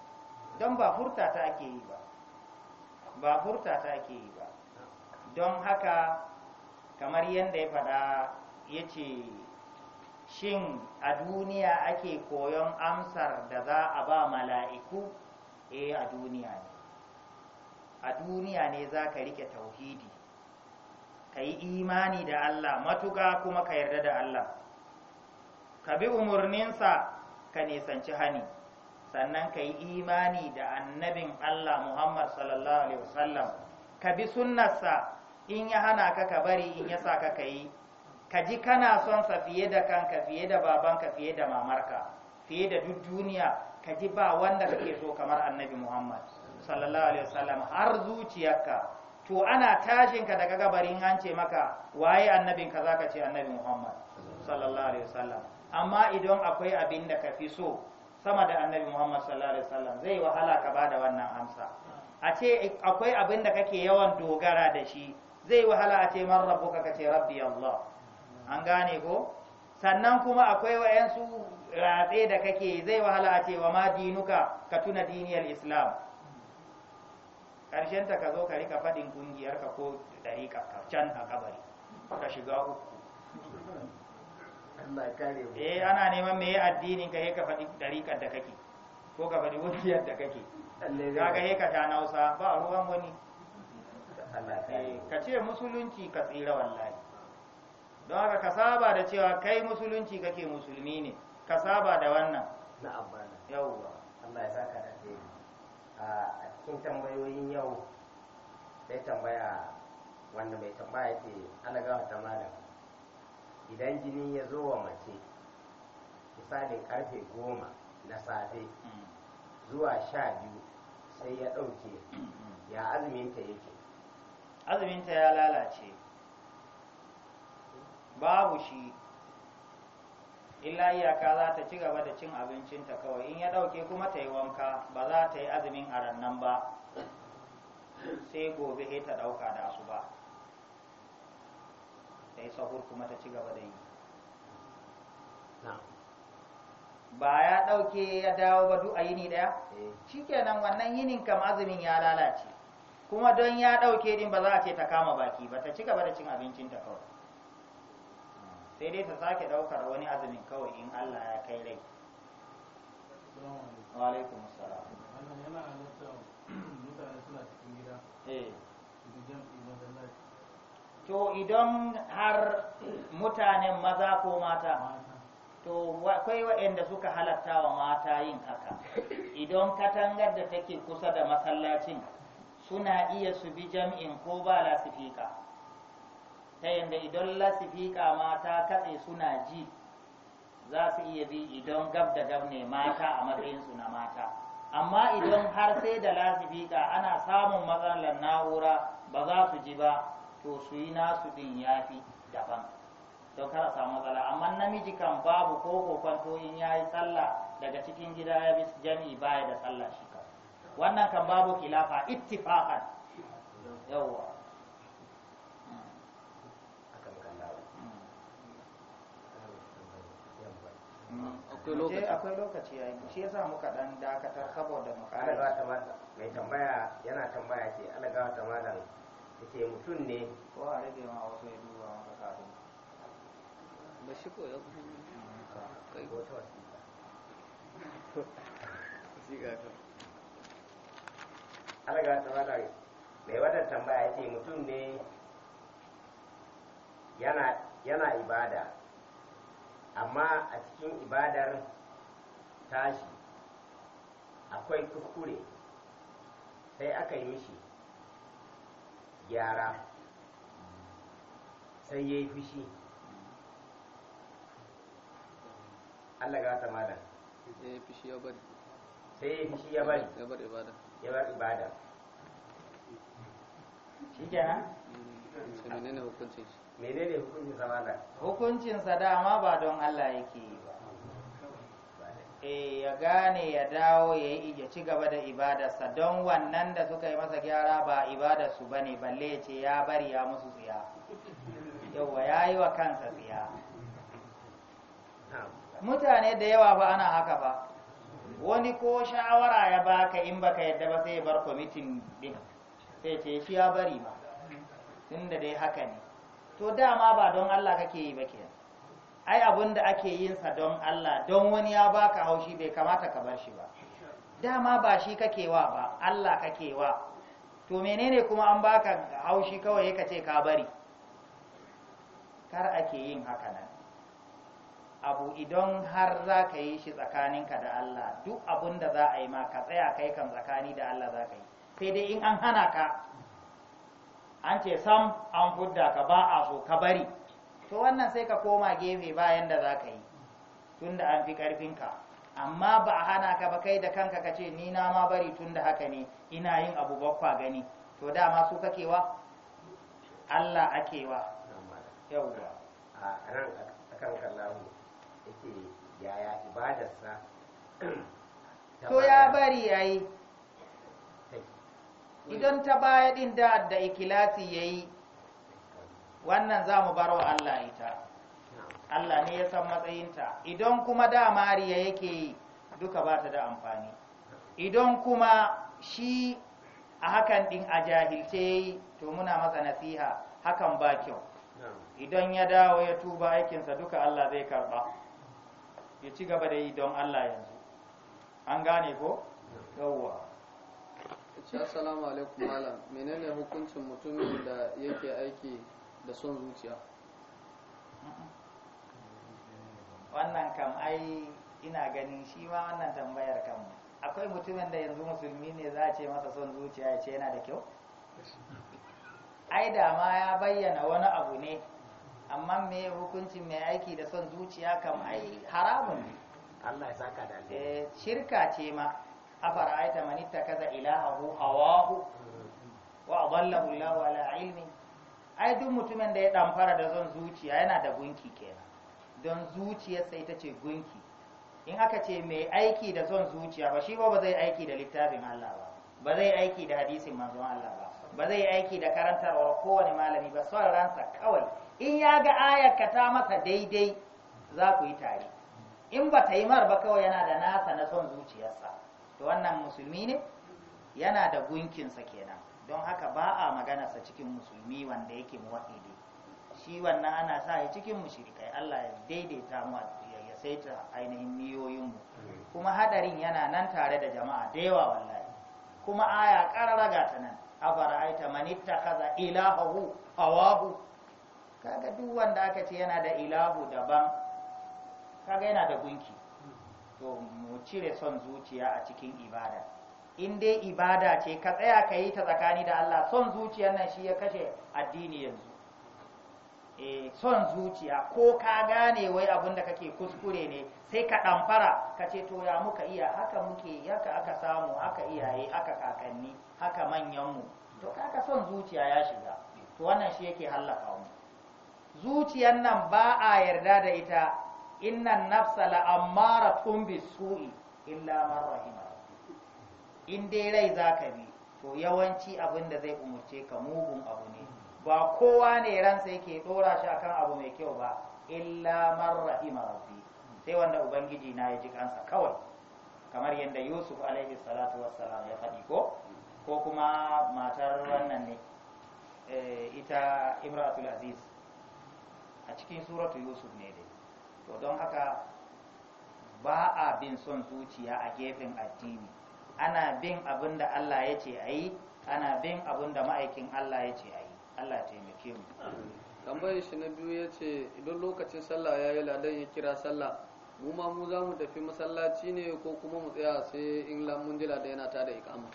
don ba furta ta ake yi ba ba furta ta ke yi ba don haka kamar yadda ya faɗa ya ce shin a duniya ake koyon amsar da za a ba mala'iku eh a duniya ne a duniya ne za ka rike tauhidi ka yi imani da Allah matuƙa kuma ka yarda da Allah ka bi umarninsa ka nisanci hani sannan ka yi imani da annabin Allah Muhammad sallallahu alaihi wasallam ka bi sunnarsa in ya hana ka ka bari in ya sa ka yi ka ji kana son sa fiye da kanka fiye da babanka fiye da mamarka fiye da duk duniya ka ji ba wanda kake so kamar annabi Muhammad sallallahu alaihi wasallam har zuciyarka to ana tashin ka daga gabarin ce maka waye annabin ka zaka ce annabi Muhammad sallallahu alaihi wasallam amma idan akwai abin da ka fi so sama da annabi Muhammad sallallahu alaihi wasallam zai wahala ka bada wannan amsa a ce akwai abin da kake yawan dogara da shi zai wahala a ce man rabbuka ka ce rabbi Allah an gane ko sannan kuma akwai wayansu ratse da kake zai wahala a ce wa ma dinuka ka tuna diniyar Islam karshen ta ka zo ka rika faɗin kungiyarka ko dariƙa ka can a kabari ka shiga uku eh ana neman me addinin ka heka faɗi ɗariƙar da kake ko ka faɗi wajiyar da kake ka ga heka ta nausa ba ruwan wani eh, ka ce musulunci ka tsira wallahi don haka ka saba da cewa kai musulunci kake musulmi ne ka saba da wannan na abana yau ba Allah ya saka da ke a cikin tambayoyin yau sai tambaya wanda mai tambaya ke ana gawa malam idan jini ya zo wa mace misalin karfe goma na safe zuwa sha biyu sai ya ɗauke ya azuminta yake azuminta ya lalace babu shi illa iyaka za ta ci gaba da cin abincinta kawai in ya ɗauke kuma ta yi wanka ba za ta yi azumin a rannan ba sai gobe ta ɗauka da su ba sahur kuma ta ci gaba da yi ba ya ɗauke ya dawo ba duk a yini daya eh. shikenan wannan yinin kam azumin ya lalace kuma don ya ɗauke din ba za a ce ta kama baki ba ta ci gaba da cin abincin ta kawai sai dai ta sake ɗaukar wani azumin kawai in allah ya kai rai wannan yana halatta mutane suna cikin gida eh. to idan har mutanen maza ko mata to akwai waɗanda suka halatta wa mata yin haka idan katangar da take kusa da masallacin suna iya su bi jam'in ko ba lasifika ta yadda idan lasifika mata katse suna ji za su iya bi idan gab da gab ne mata a matsayinsu na mata amma idan har sai da lasifika ana samun matsalar na'ura ba za su ji ba to su yi nasu din fi daban don kada samu matsala amma namiji kan babu ko kokonto in yi sallah daga cikin gida ya bi jami'i baya da sallah shi kan wannan kan babu kilafa ittifaqan yawwa akwai lokaci ya yi shi yasa muka dan dakatar saboda mu mata mai tambaya yana tambaya ce alagawa tamadan ke mutum ne ko a rage ma wasu ya duba maka kafin ba shi ko ya kai wata wasiƙa alaga ta wadar mai wata tambaya ya ce mutum ne yana ibada amma a cikin ibadar tashi akwai kuskure sai aka yi mishi gyara sai ya yi fushi Allah ga wata mada sai ya yi fushi ya bari ya yi ya bari ya bar ibada shi ke menene menene hukuncin sa malam hukuncin sa dama ba don Allah yake yi ba Eh, ya gane ya dawo ya yi ya ci gaba da ibadarsa don wannan da suka yi masa gyara ba ibadarsu ba ne balle ya ce ya bari ya musu tsiya yauwa ya yi wa kansa tsiya mutane da yawa ba ana haka ba wani ko shawara ya baka in baka yadda ba sai bar kwamitin din sai ce shi ya bari ba da dai haka ne to dama ba don allah kake yi ba kenan ai abin da ake yin sa don Allah don wani ya baka haushi bai kamata ka bar shi ba dama ba shi kakewa ba Allah kakewa to menene kuma an baka haushi kawai ka ce ka bari kar ake yin haka nan abu idan har za ka yi shi tsakaninka da Allah duk abin da za a yi ma ka tsaya kai kan tsakani da Allah za ka yi sai dai in an hana ka an ce sam an fudda ka ba a so ka bari to wannan sai ka koma gefe bayan da za ka yi tunda an fi ƙarfinka amma ba a hana ka ba kai da kanka ka ce ni na ma bari da haka ne ina yin abu bakwa gani to dama su kakewa Allah akewa yauwa a ran akan kallahu yake yaya ibadarsa to ya bari ya yi, idan ta baya din da da ikilasi yi. wannan za mu bar wa Allah ita Allah ne ya san matsayinta idan kuma da mariya yake yi duka ba ta da amfani idan kuma shi a hakan din a jahilce to muna masa nasiha hakan ba kyau idan ya dawo ya tuba aikinsa duka Allah zai karba ya ci gaba da yi don Allah yanzu an gane ko yawwa assalamu alaikum malam menene hukuncin mutumin da yake aiki da son zuciya wannan kam ai ina ganin shi ma wannan tambayar kam akwai mutumin da yanzu musulmi ne za a ce masa son zuciya ya ce yana da kyau ai da ma ya bayyana wani abu ne amma me hukuncin mai aiki da son zuciya kam ai haramun ne Allah ya saka da eh, shirka ce ma afara'aita man ittakaza ilahahu hawahu wa adallahu Allahu ala ilmi ai duk mutumin da ya damfara da zon zuciya yana da gunki kenan don zuciyar sai ta ce gunki in aka ce mai aiki da zon zuciya ba shi ba ba zai aiki da littafin Allah ba ba zai aiki da hadisin manzon Allah ba ba zai aiki da karantarwa kowane malami ba son ransa kawai in ya ga ayar ta masa daidai za ku yi tare in ba ta yi mar ba kawai yana da nasa na son zuciyarsa to wannan musulmi ne yana da gunkinsa kenan don haka ba a maganarsa cikin musulmi wanda yake muwahidi shi wannan ana sa ya cikin mushrikai Allah ya daidaita mu ya saita ainihin mu kuma hadarin yana nan tare da jama'a da yawa wallahi kuma aya karara ga ta nan afara'aita man ittakhadha ilahu hawahu kaga duk wanda aka ce yana da ilahu daban kaga yana da gunki to mu cire son zuciya a cikin ibada in dai ibada ce ka tsaya ka yi ta tsakani da Allah son zuciyar nan shi ya kashe addini yanzu Eh son zuciya ko ka gane wai abin da kake kuskure ne sai ka ɗamfara ka ce to ya muka iya haka muke haka aka samu haka iyaye haka kakanni haka manyanmu to kaka son zuciya ya shiga to wannan shi yake hallaka mu zuciyar nan ba a yarda da ita innan nafsala la ammara tun bisu'i illa man rahima in dai rai za ka bi to yawanci abin da zai umurce ka mugun abu ne ba kowa ne ransa yake dora shi akan abu mai kyau ba illa man rahima rabbi sai wanda ubangiji na ya ji kansa kawai kamar yadda yusuf alaihi salatu wassalam ya faɗi ko ko kuma matar wannan ne eh, ita imratul aziz a cikin suratu yusuf ne dai to don haka ba a bin son zuciya a gefen addini ana bin abin da Allah ya ce a yi ana bin abin da ma'aikin Allah ya ce a yi Allah taimake mu tambayar shi na biyu ya ce idan lokacin sallah ya yi ladan ya kira sallah mu ma mu za mu tafi masallaci ne ko kuma mu tsaya sai in lamun jila da yana tada ikama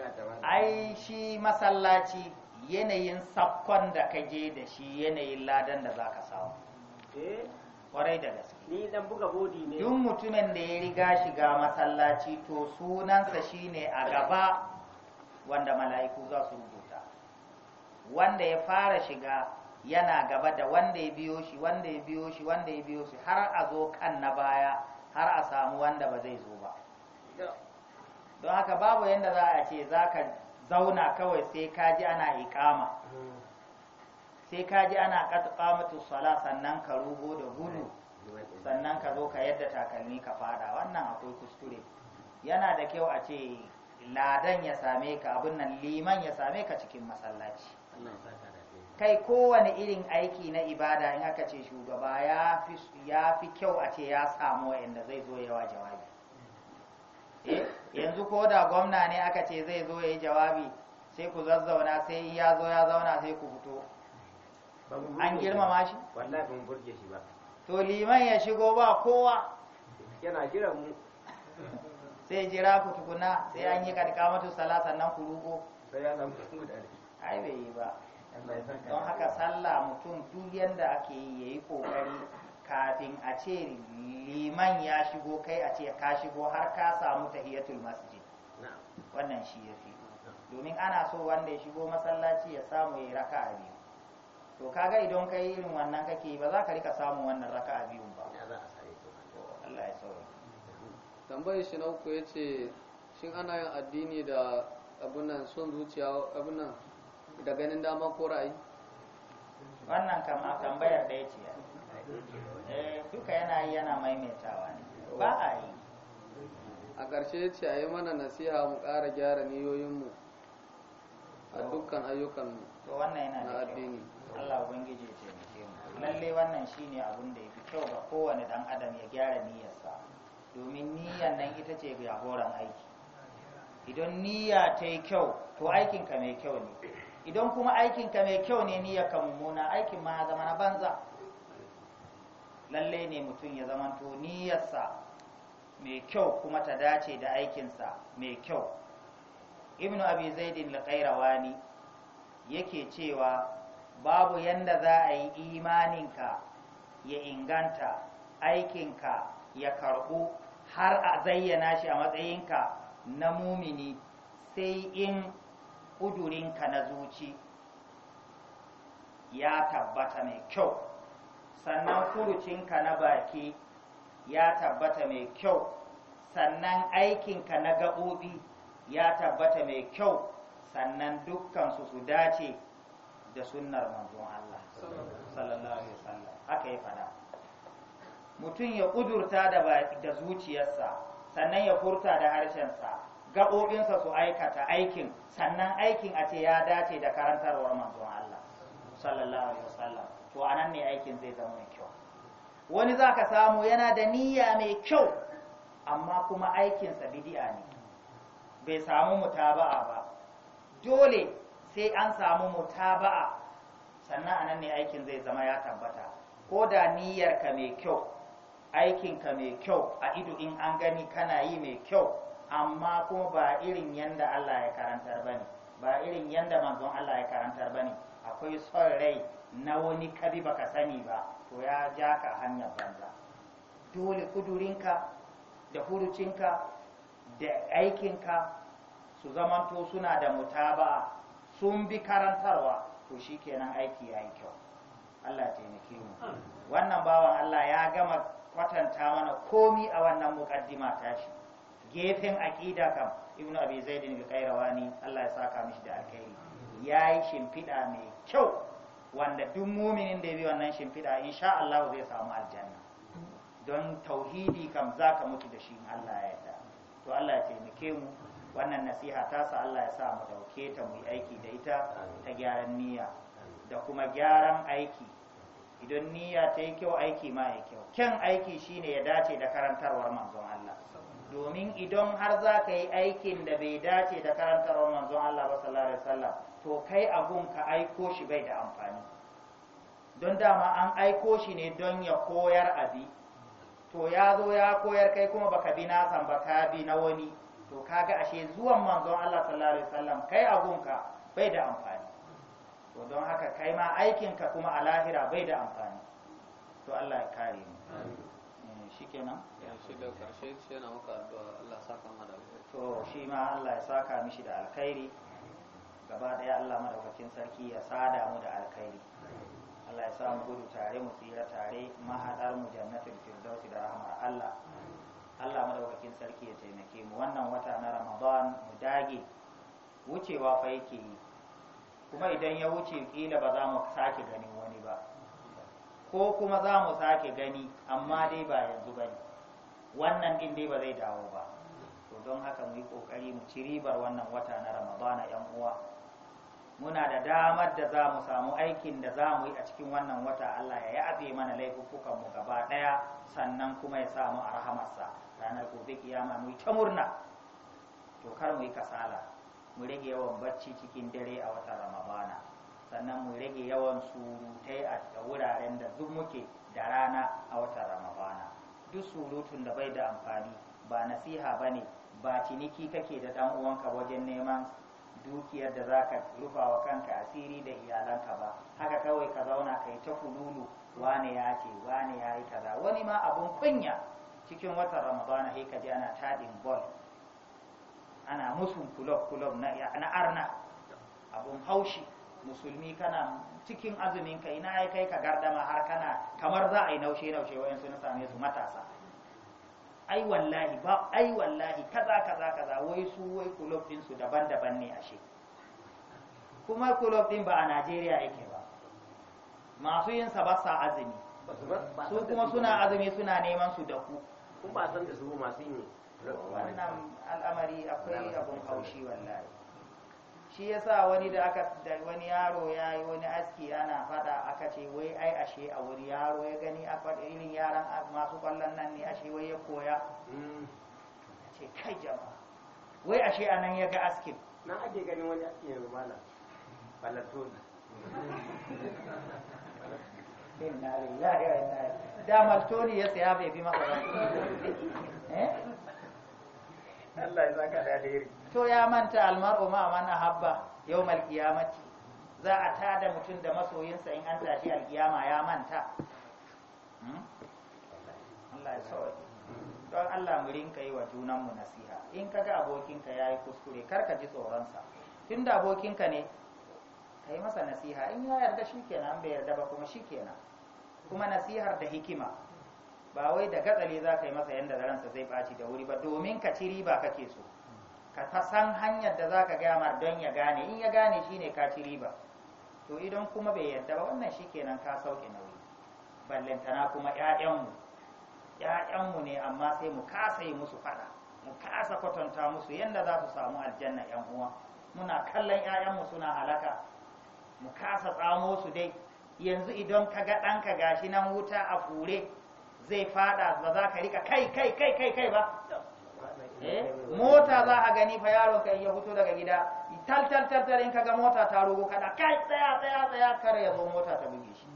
[LAUGHS] ai shi masallaci yanayin sakon da ka je da shi yanayin ladan da za ka samu eh? kwarai da gaske ni dan buga bodi ne duk mutumin da ya riga shiga masallaci to sunansa shine a gaba wanda mala'iku za su rubuta wanda ya fara shiga yana gaba da wanda ya biyo shi wanda ya biyo shi wanda ya biyo shi har a zo kan na baya har a samu wanda ba zai zo ba don haka babu yanda za a ce za ka zauna kawai sai ka ji ana ikama hmm. sai ka ji ana qamatu sala sannan ka rugo da gudu sannan ka zo ka yadda takalmi ka fada wannan akwai kuskure yana da kyau a ce ladan ya same ka abin nan liman ya same ka cikin masallaci kai kowane irin aiki na ibada in aka ce shugaba ya fi kyau a ce ya samu inda zai zo yawa jawabi eh, yanzu ko da gwamna ne aka ce zai zo ya yi jawabi sai ku zazzauna sai ya zo ya zauna sai ku fito an girmama shi wallahi ban burge shi ba to liman ya shigo ba kowa yana mu sai jira ku tukuna sai an yi mata sala sannan ku ruko sai ya samu [LAUGHS] mutane ai bai yi ba don haka sallah mutum duk yanda ake yi yayi kokari kafin a ce liman ya shigo kai a ce ka shigo har ka samu tahiyatul masjid wannan shi yafi domin ana so wanda ya shigo masallaci ya samu yayi raka'a biyu to kaga idan kai irin wannan kake ba za ka rika samun wannan raka a biyun ba Allah ya sauri tambayar shi na uku ya ce shin ana yin addini da abunan son zuciya abunan da ganin dama ko ra'ayi wannan kama tambayar da ya ce eh, duka yana yi yana maimaitawa ne ba a yi a ƙarshe ya ce a yi mana nasiha mu ƙara gyara niyoyinmu a dukkan ayyukanmu na addini Allah ubangiji ya taimake mu lalle wannan shine abun da yafi kyau ga kowane dan adam ya gyara niyyarsa domin niyyar nan ita ce horan aiki idan niyya ta yi kyau to aikin ka mai kyau ne idan kuma aikin ka mai kyau ne niyyar ka mummuna aikin ma zama na banza lalle ne mutum ya zamanto niyyarsa mai kyau kuma ta dace da aikinsa mai kyau ibnu abi zaidin al yake cewa babu yanda za a yi imaninka ya inganta aikinka ya karɓu har a zayyana shi a matsayinka na mumini sai in ƙudurinka na zuci ya tabbata mai kyau sannan furucinka na baki ya tabbata mai kyau sannan aikinka na gaɓobi, ya tabbata mai kyau sannan dukkansu su dace da sunnar manzon Allah sallallahu alaihi wasallam haka ya fada mutum ya kudurta da da zuciyarsa sannan ya furta da harshensa gaɓoɓinsa su aikata aikin sannan aikin a ce ya dace da karantarwar manzon Allah sallallahu alaihi wasallam to anan ne aikin zai zama mai kyau wani zaka samu yana da niyya mai kyau amma kuma aikinsa bidi'a ne bai samu mutaba'a ba dole sai an samu mutaba'a sannan anan ne aikin zai zama ya tabbata ko da niyyarka mai kyau aikinka mai kyau a ido in an gani kana yi mai kyau amma kuma ba irin yanda Allah ya karantar ba ne, ba irin yanda manzon Allah ya karantar ba ne, akwai son rai na wani kabi ka sani ba to ya ja ka hanyar banza dole kudurinka da hurucinka da aikinka su zamanto suna da mutaba'a sun bi karantarwa to shi kenan aiki ya yi kyau Allah ya taimake mu wannan bawan Allah ya gama kwatanta mana komi a wannan mukaddima tashi gefen aƙida kam ibnu abi zaidin ga kairawani Allah ya saka mishi da alkhairi yayi shimfiɗa mai kyau wanda duk muminin da ya bi wannan shimfiɗa insha Allah zai samu aljanna don tauhidi kam zaka mutu da shi Allah ya yarda to Allah ya taimake mu wannan nasiha ta sa Allah ya sa mu dauke ta mu yi aiki da ita ta gyaran niyya da kuma gyaran aiki idan niyya ta yi kyau aiki ma ya kyau kyan aiki shine ya dace da karantarwar manzon Allah domin idan har za ka yi aikin da bai dace da karantarwar manzon Allah ba sallallahu alaihi wasallam to kai abun ka aiko shi bai da amfani don dama an aiko shi ne don ya koyar abi to ya zo ya koyar kai kuma baka bi nasan ba ka bi na wani to kaga ashe zuwan manzon Allah sallallahu alaihi wasallam kai abunka bai da amfani to don haka kai ma aikinka kuma a lahira bai da amfani to Allah ya kare mu eh, shikenan shi da karshe shi yana maka addu'a Allah saka mu da to shi ma Allah ya saka mishi da alkhairi gaba daya Allah madaukakin sarki ya sada mu da alkhairi Allah ya sa mu gudu tare mu tsira tare mahadar mu jannatul firdausi da rahmar Allah Allah madaukakin sarki ya taimake mu wannan wata na Ramadan mu dage wucewa fa yake yi kuma idan ya wuce kila ba za mu sake gani wani ba ko kuma za mu sake gani amma dai ba yanzu ba wannan din dai ba zai dawo ba to don haka mu yi kokari mu ci ribar wannan wata na ramadan yan uwa muna da damar da za mu samu aikin da za mu yi a cikin wannan wata allah ya yi yabe mana laifukan mu gaba ɗaya sannan kuma ya sa mu a rahamarsa ranar gobe kiyama mu yi ta murna to kar mu yi kasala mu rage yawan bacci cikin dare a watan ramadana sannan mu rage yawan surutai a wuraren da duk muke da rana a watan ramadana duk surutun da bai da amfani ba nasiha ba ne ba ciniki kake da ɗan uwanka wajen neman dukiyar da zaka rufa wa kanka asiri da iyalanka ba haka kawai ka zauna kai ta fululu wane ya ce wane ya yi kaza wani ma abun kunya cikin watan ramadana sai ka ji ana tadin ball ana musun kulob-kulob na arna abun haushi musulmi kana cikin azumin ka ina ai kai ka gardama har kana kamar za a yi naushe-naushe wayansu na same su matasa ai wallahi ba ai wallahi kaza kaza kaza wai su wai kulob din su daban-daban ne ashe kuma kulob din ba a Najeriya yake ba masu yin sa sa azumi su kuma suna azumi suna neman su da ku kun ba san da su masu yi. wannan al'amari akwai abun haushi wallahi shi yasa wani da aka da wani yaro ya yi wani aski ana fada aka ce wai ai ashe a wuri yaro ya gani a irin yaran masu kwallon nan ne ashe wai ya koya mm. ce kai jama'a wai ashe a nan ya ga askin Na ake ganin wani aski ne mala balatoni da tori ya saya bai bi masa ba eh? Allah ya saka da dare to ya manta almar'u ma man ahabba mal kiyamati. za a tada mutum da masoyinsa in an tashi alkiyama ya manta hmm? Allah ya don Allah mu rinka yi wa junanmu nasiha in ga abokinka yayi kuskure kar ka ji tsoronsa tunda abokinka ne kai masa nasiha in ya yarda shikenan bai yarda ba kuma shikenan kuma nasihar da hikima ba wai da gatsali za ka yi masa yadda ransa zai ɓaci da wuri ba domin ka ci riba kake so ka ta san hanyar da za ka gama don ya gane in ya gane shi ne ka ci riba to idan kuma bai yadda ba wannan shi kenan ka sauke nauyi ballantana kuma 'ya'yanmu ‘ya'yanmu ne amma sai mu kasa yi musu fada mu kasa kwatanta musu yadda za su samu aljanna ‘yan uwa muna kallon ‘ya'yanmu suna halaka mu kasa tsamo su dai yanzu idan ka ga ɗanka gashi nan wuta a fure zai fada ba za ka rika kai kai kai kai kai ba eh? mota za a gani fa yaron ka iya fito daga gida tal tal tal tal mota ta rugo kada kai tsaya tsaya tsaya kar ya zo mota ta buge shi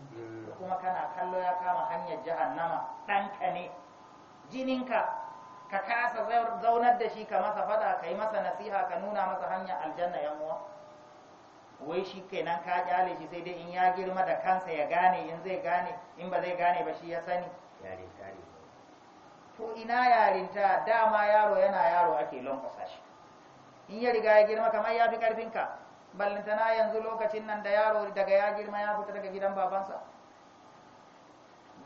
kuma kana kallo ya kama hanyar jahannama ɗanka ne jininka ka kasa zaunar da shi ka masa fada ka yi masa nasiha ka nuna masa hanyar aljanna yan uwa wai shi kenan ka kyale shi sai dai in ya girma da kansa ya gane in zai gane in ba zai gane ba shi ya sani to ina yarinta dama yaro yana yaro ake lankwasa shi in ya riga ya girma kamar ya fi karfinka na yanzu lokacin nan da yaro daga ya girma ya fita daga gidan babansa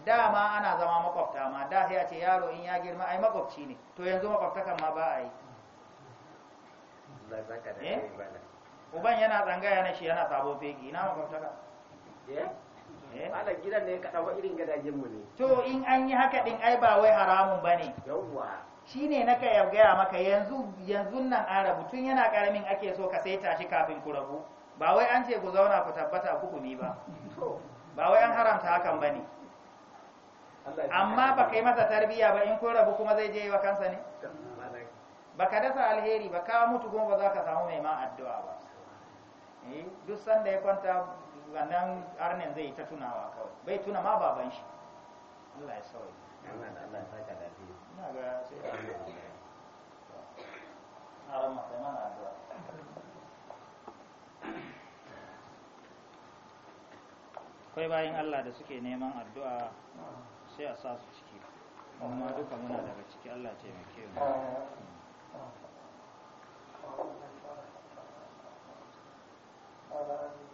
dama ana zama makwabta ma da sai a ce yaro in ya girma ai makwabci ne to yanzu makwabtakan ma ba a yi uban yana zangaya na shi yana sabon fegi ina makwabtaka eh? eh? ala gidan ne ka dawo irin ne to in an yi haka ɗin ai ba wai haramun bane yawwa shine na ka gaya maka yanzu yanzu nan an rabu tun yana karamin ake so ka saita shi kafin ku rabu ba wai an ce ku zauna ku tabbata hukumi ba ba wai an haramta hakan bane amma ba kai masa tarbiyya ba in kun rabu kuma zai je wa kansa ne ba ka dasa alheri ba ka mutu kuma ba za ka samu mai ma addu'a ba Eh, duk sanda ya kwanta wannan arnin zai ta tunawa kawai bai tuna ma baban shi Allah ya sauya Allah ya saka lafiya ina ga sai sai mana addu'a akwai bayan Allah da suke neman addu'a sai a sa su ciki amma duka muna daga ciki Allah taimake mu Father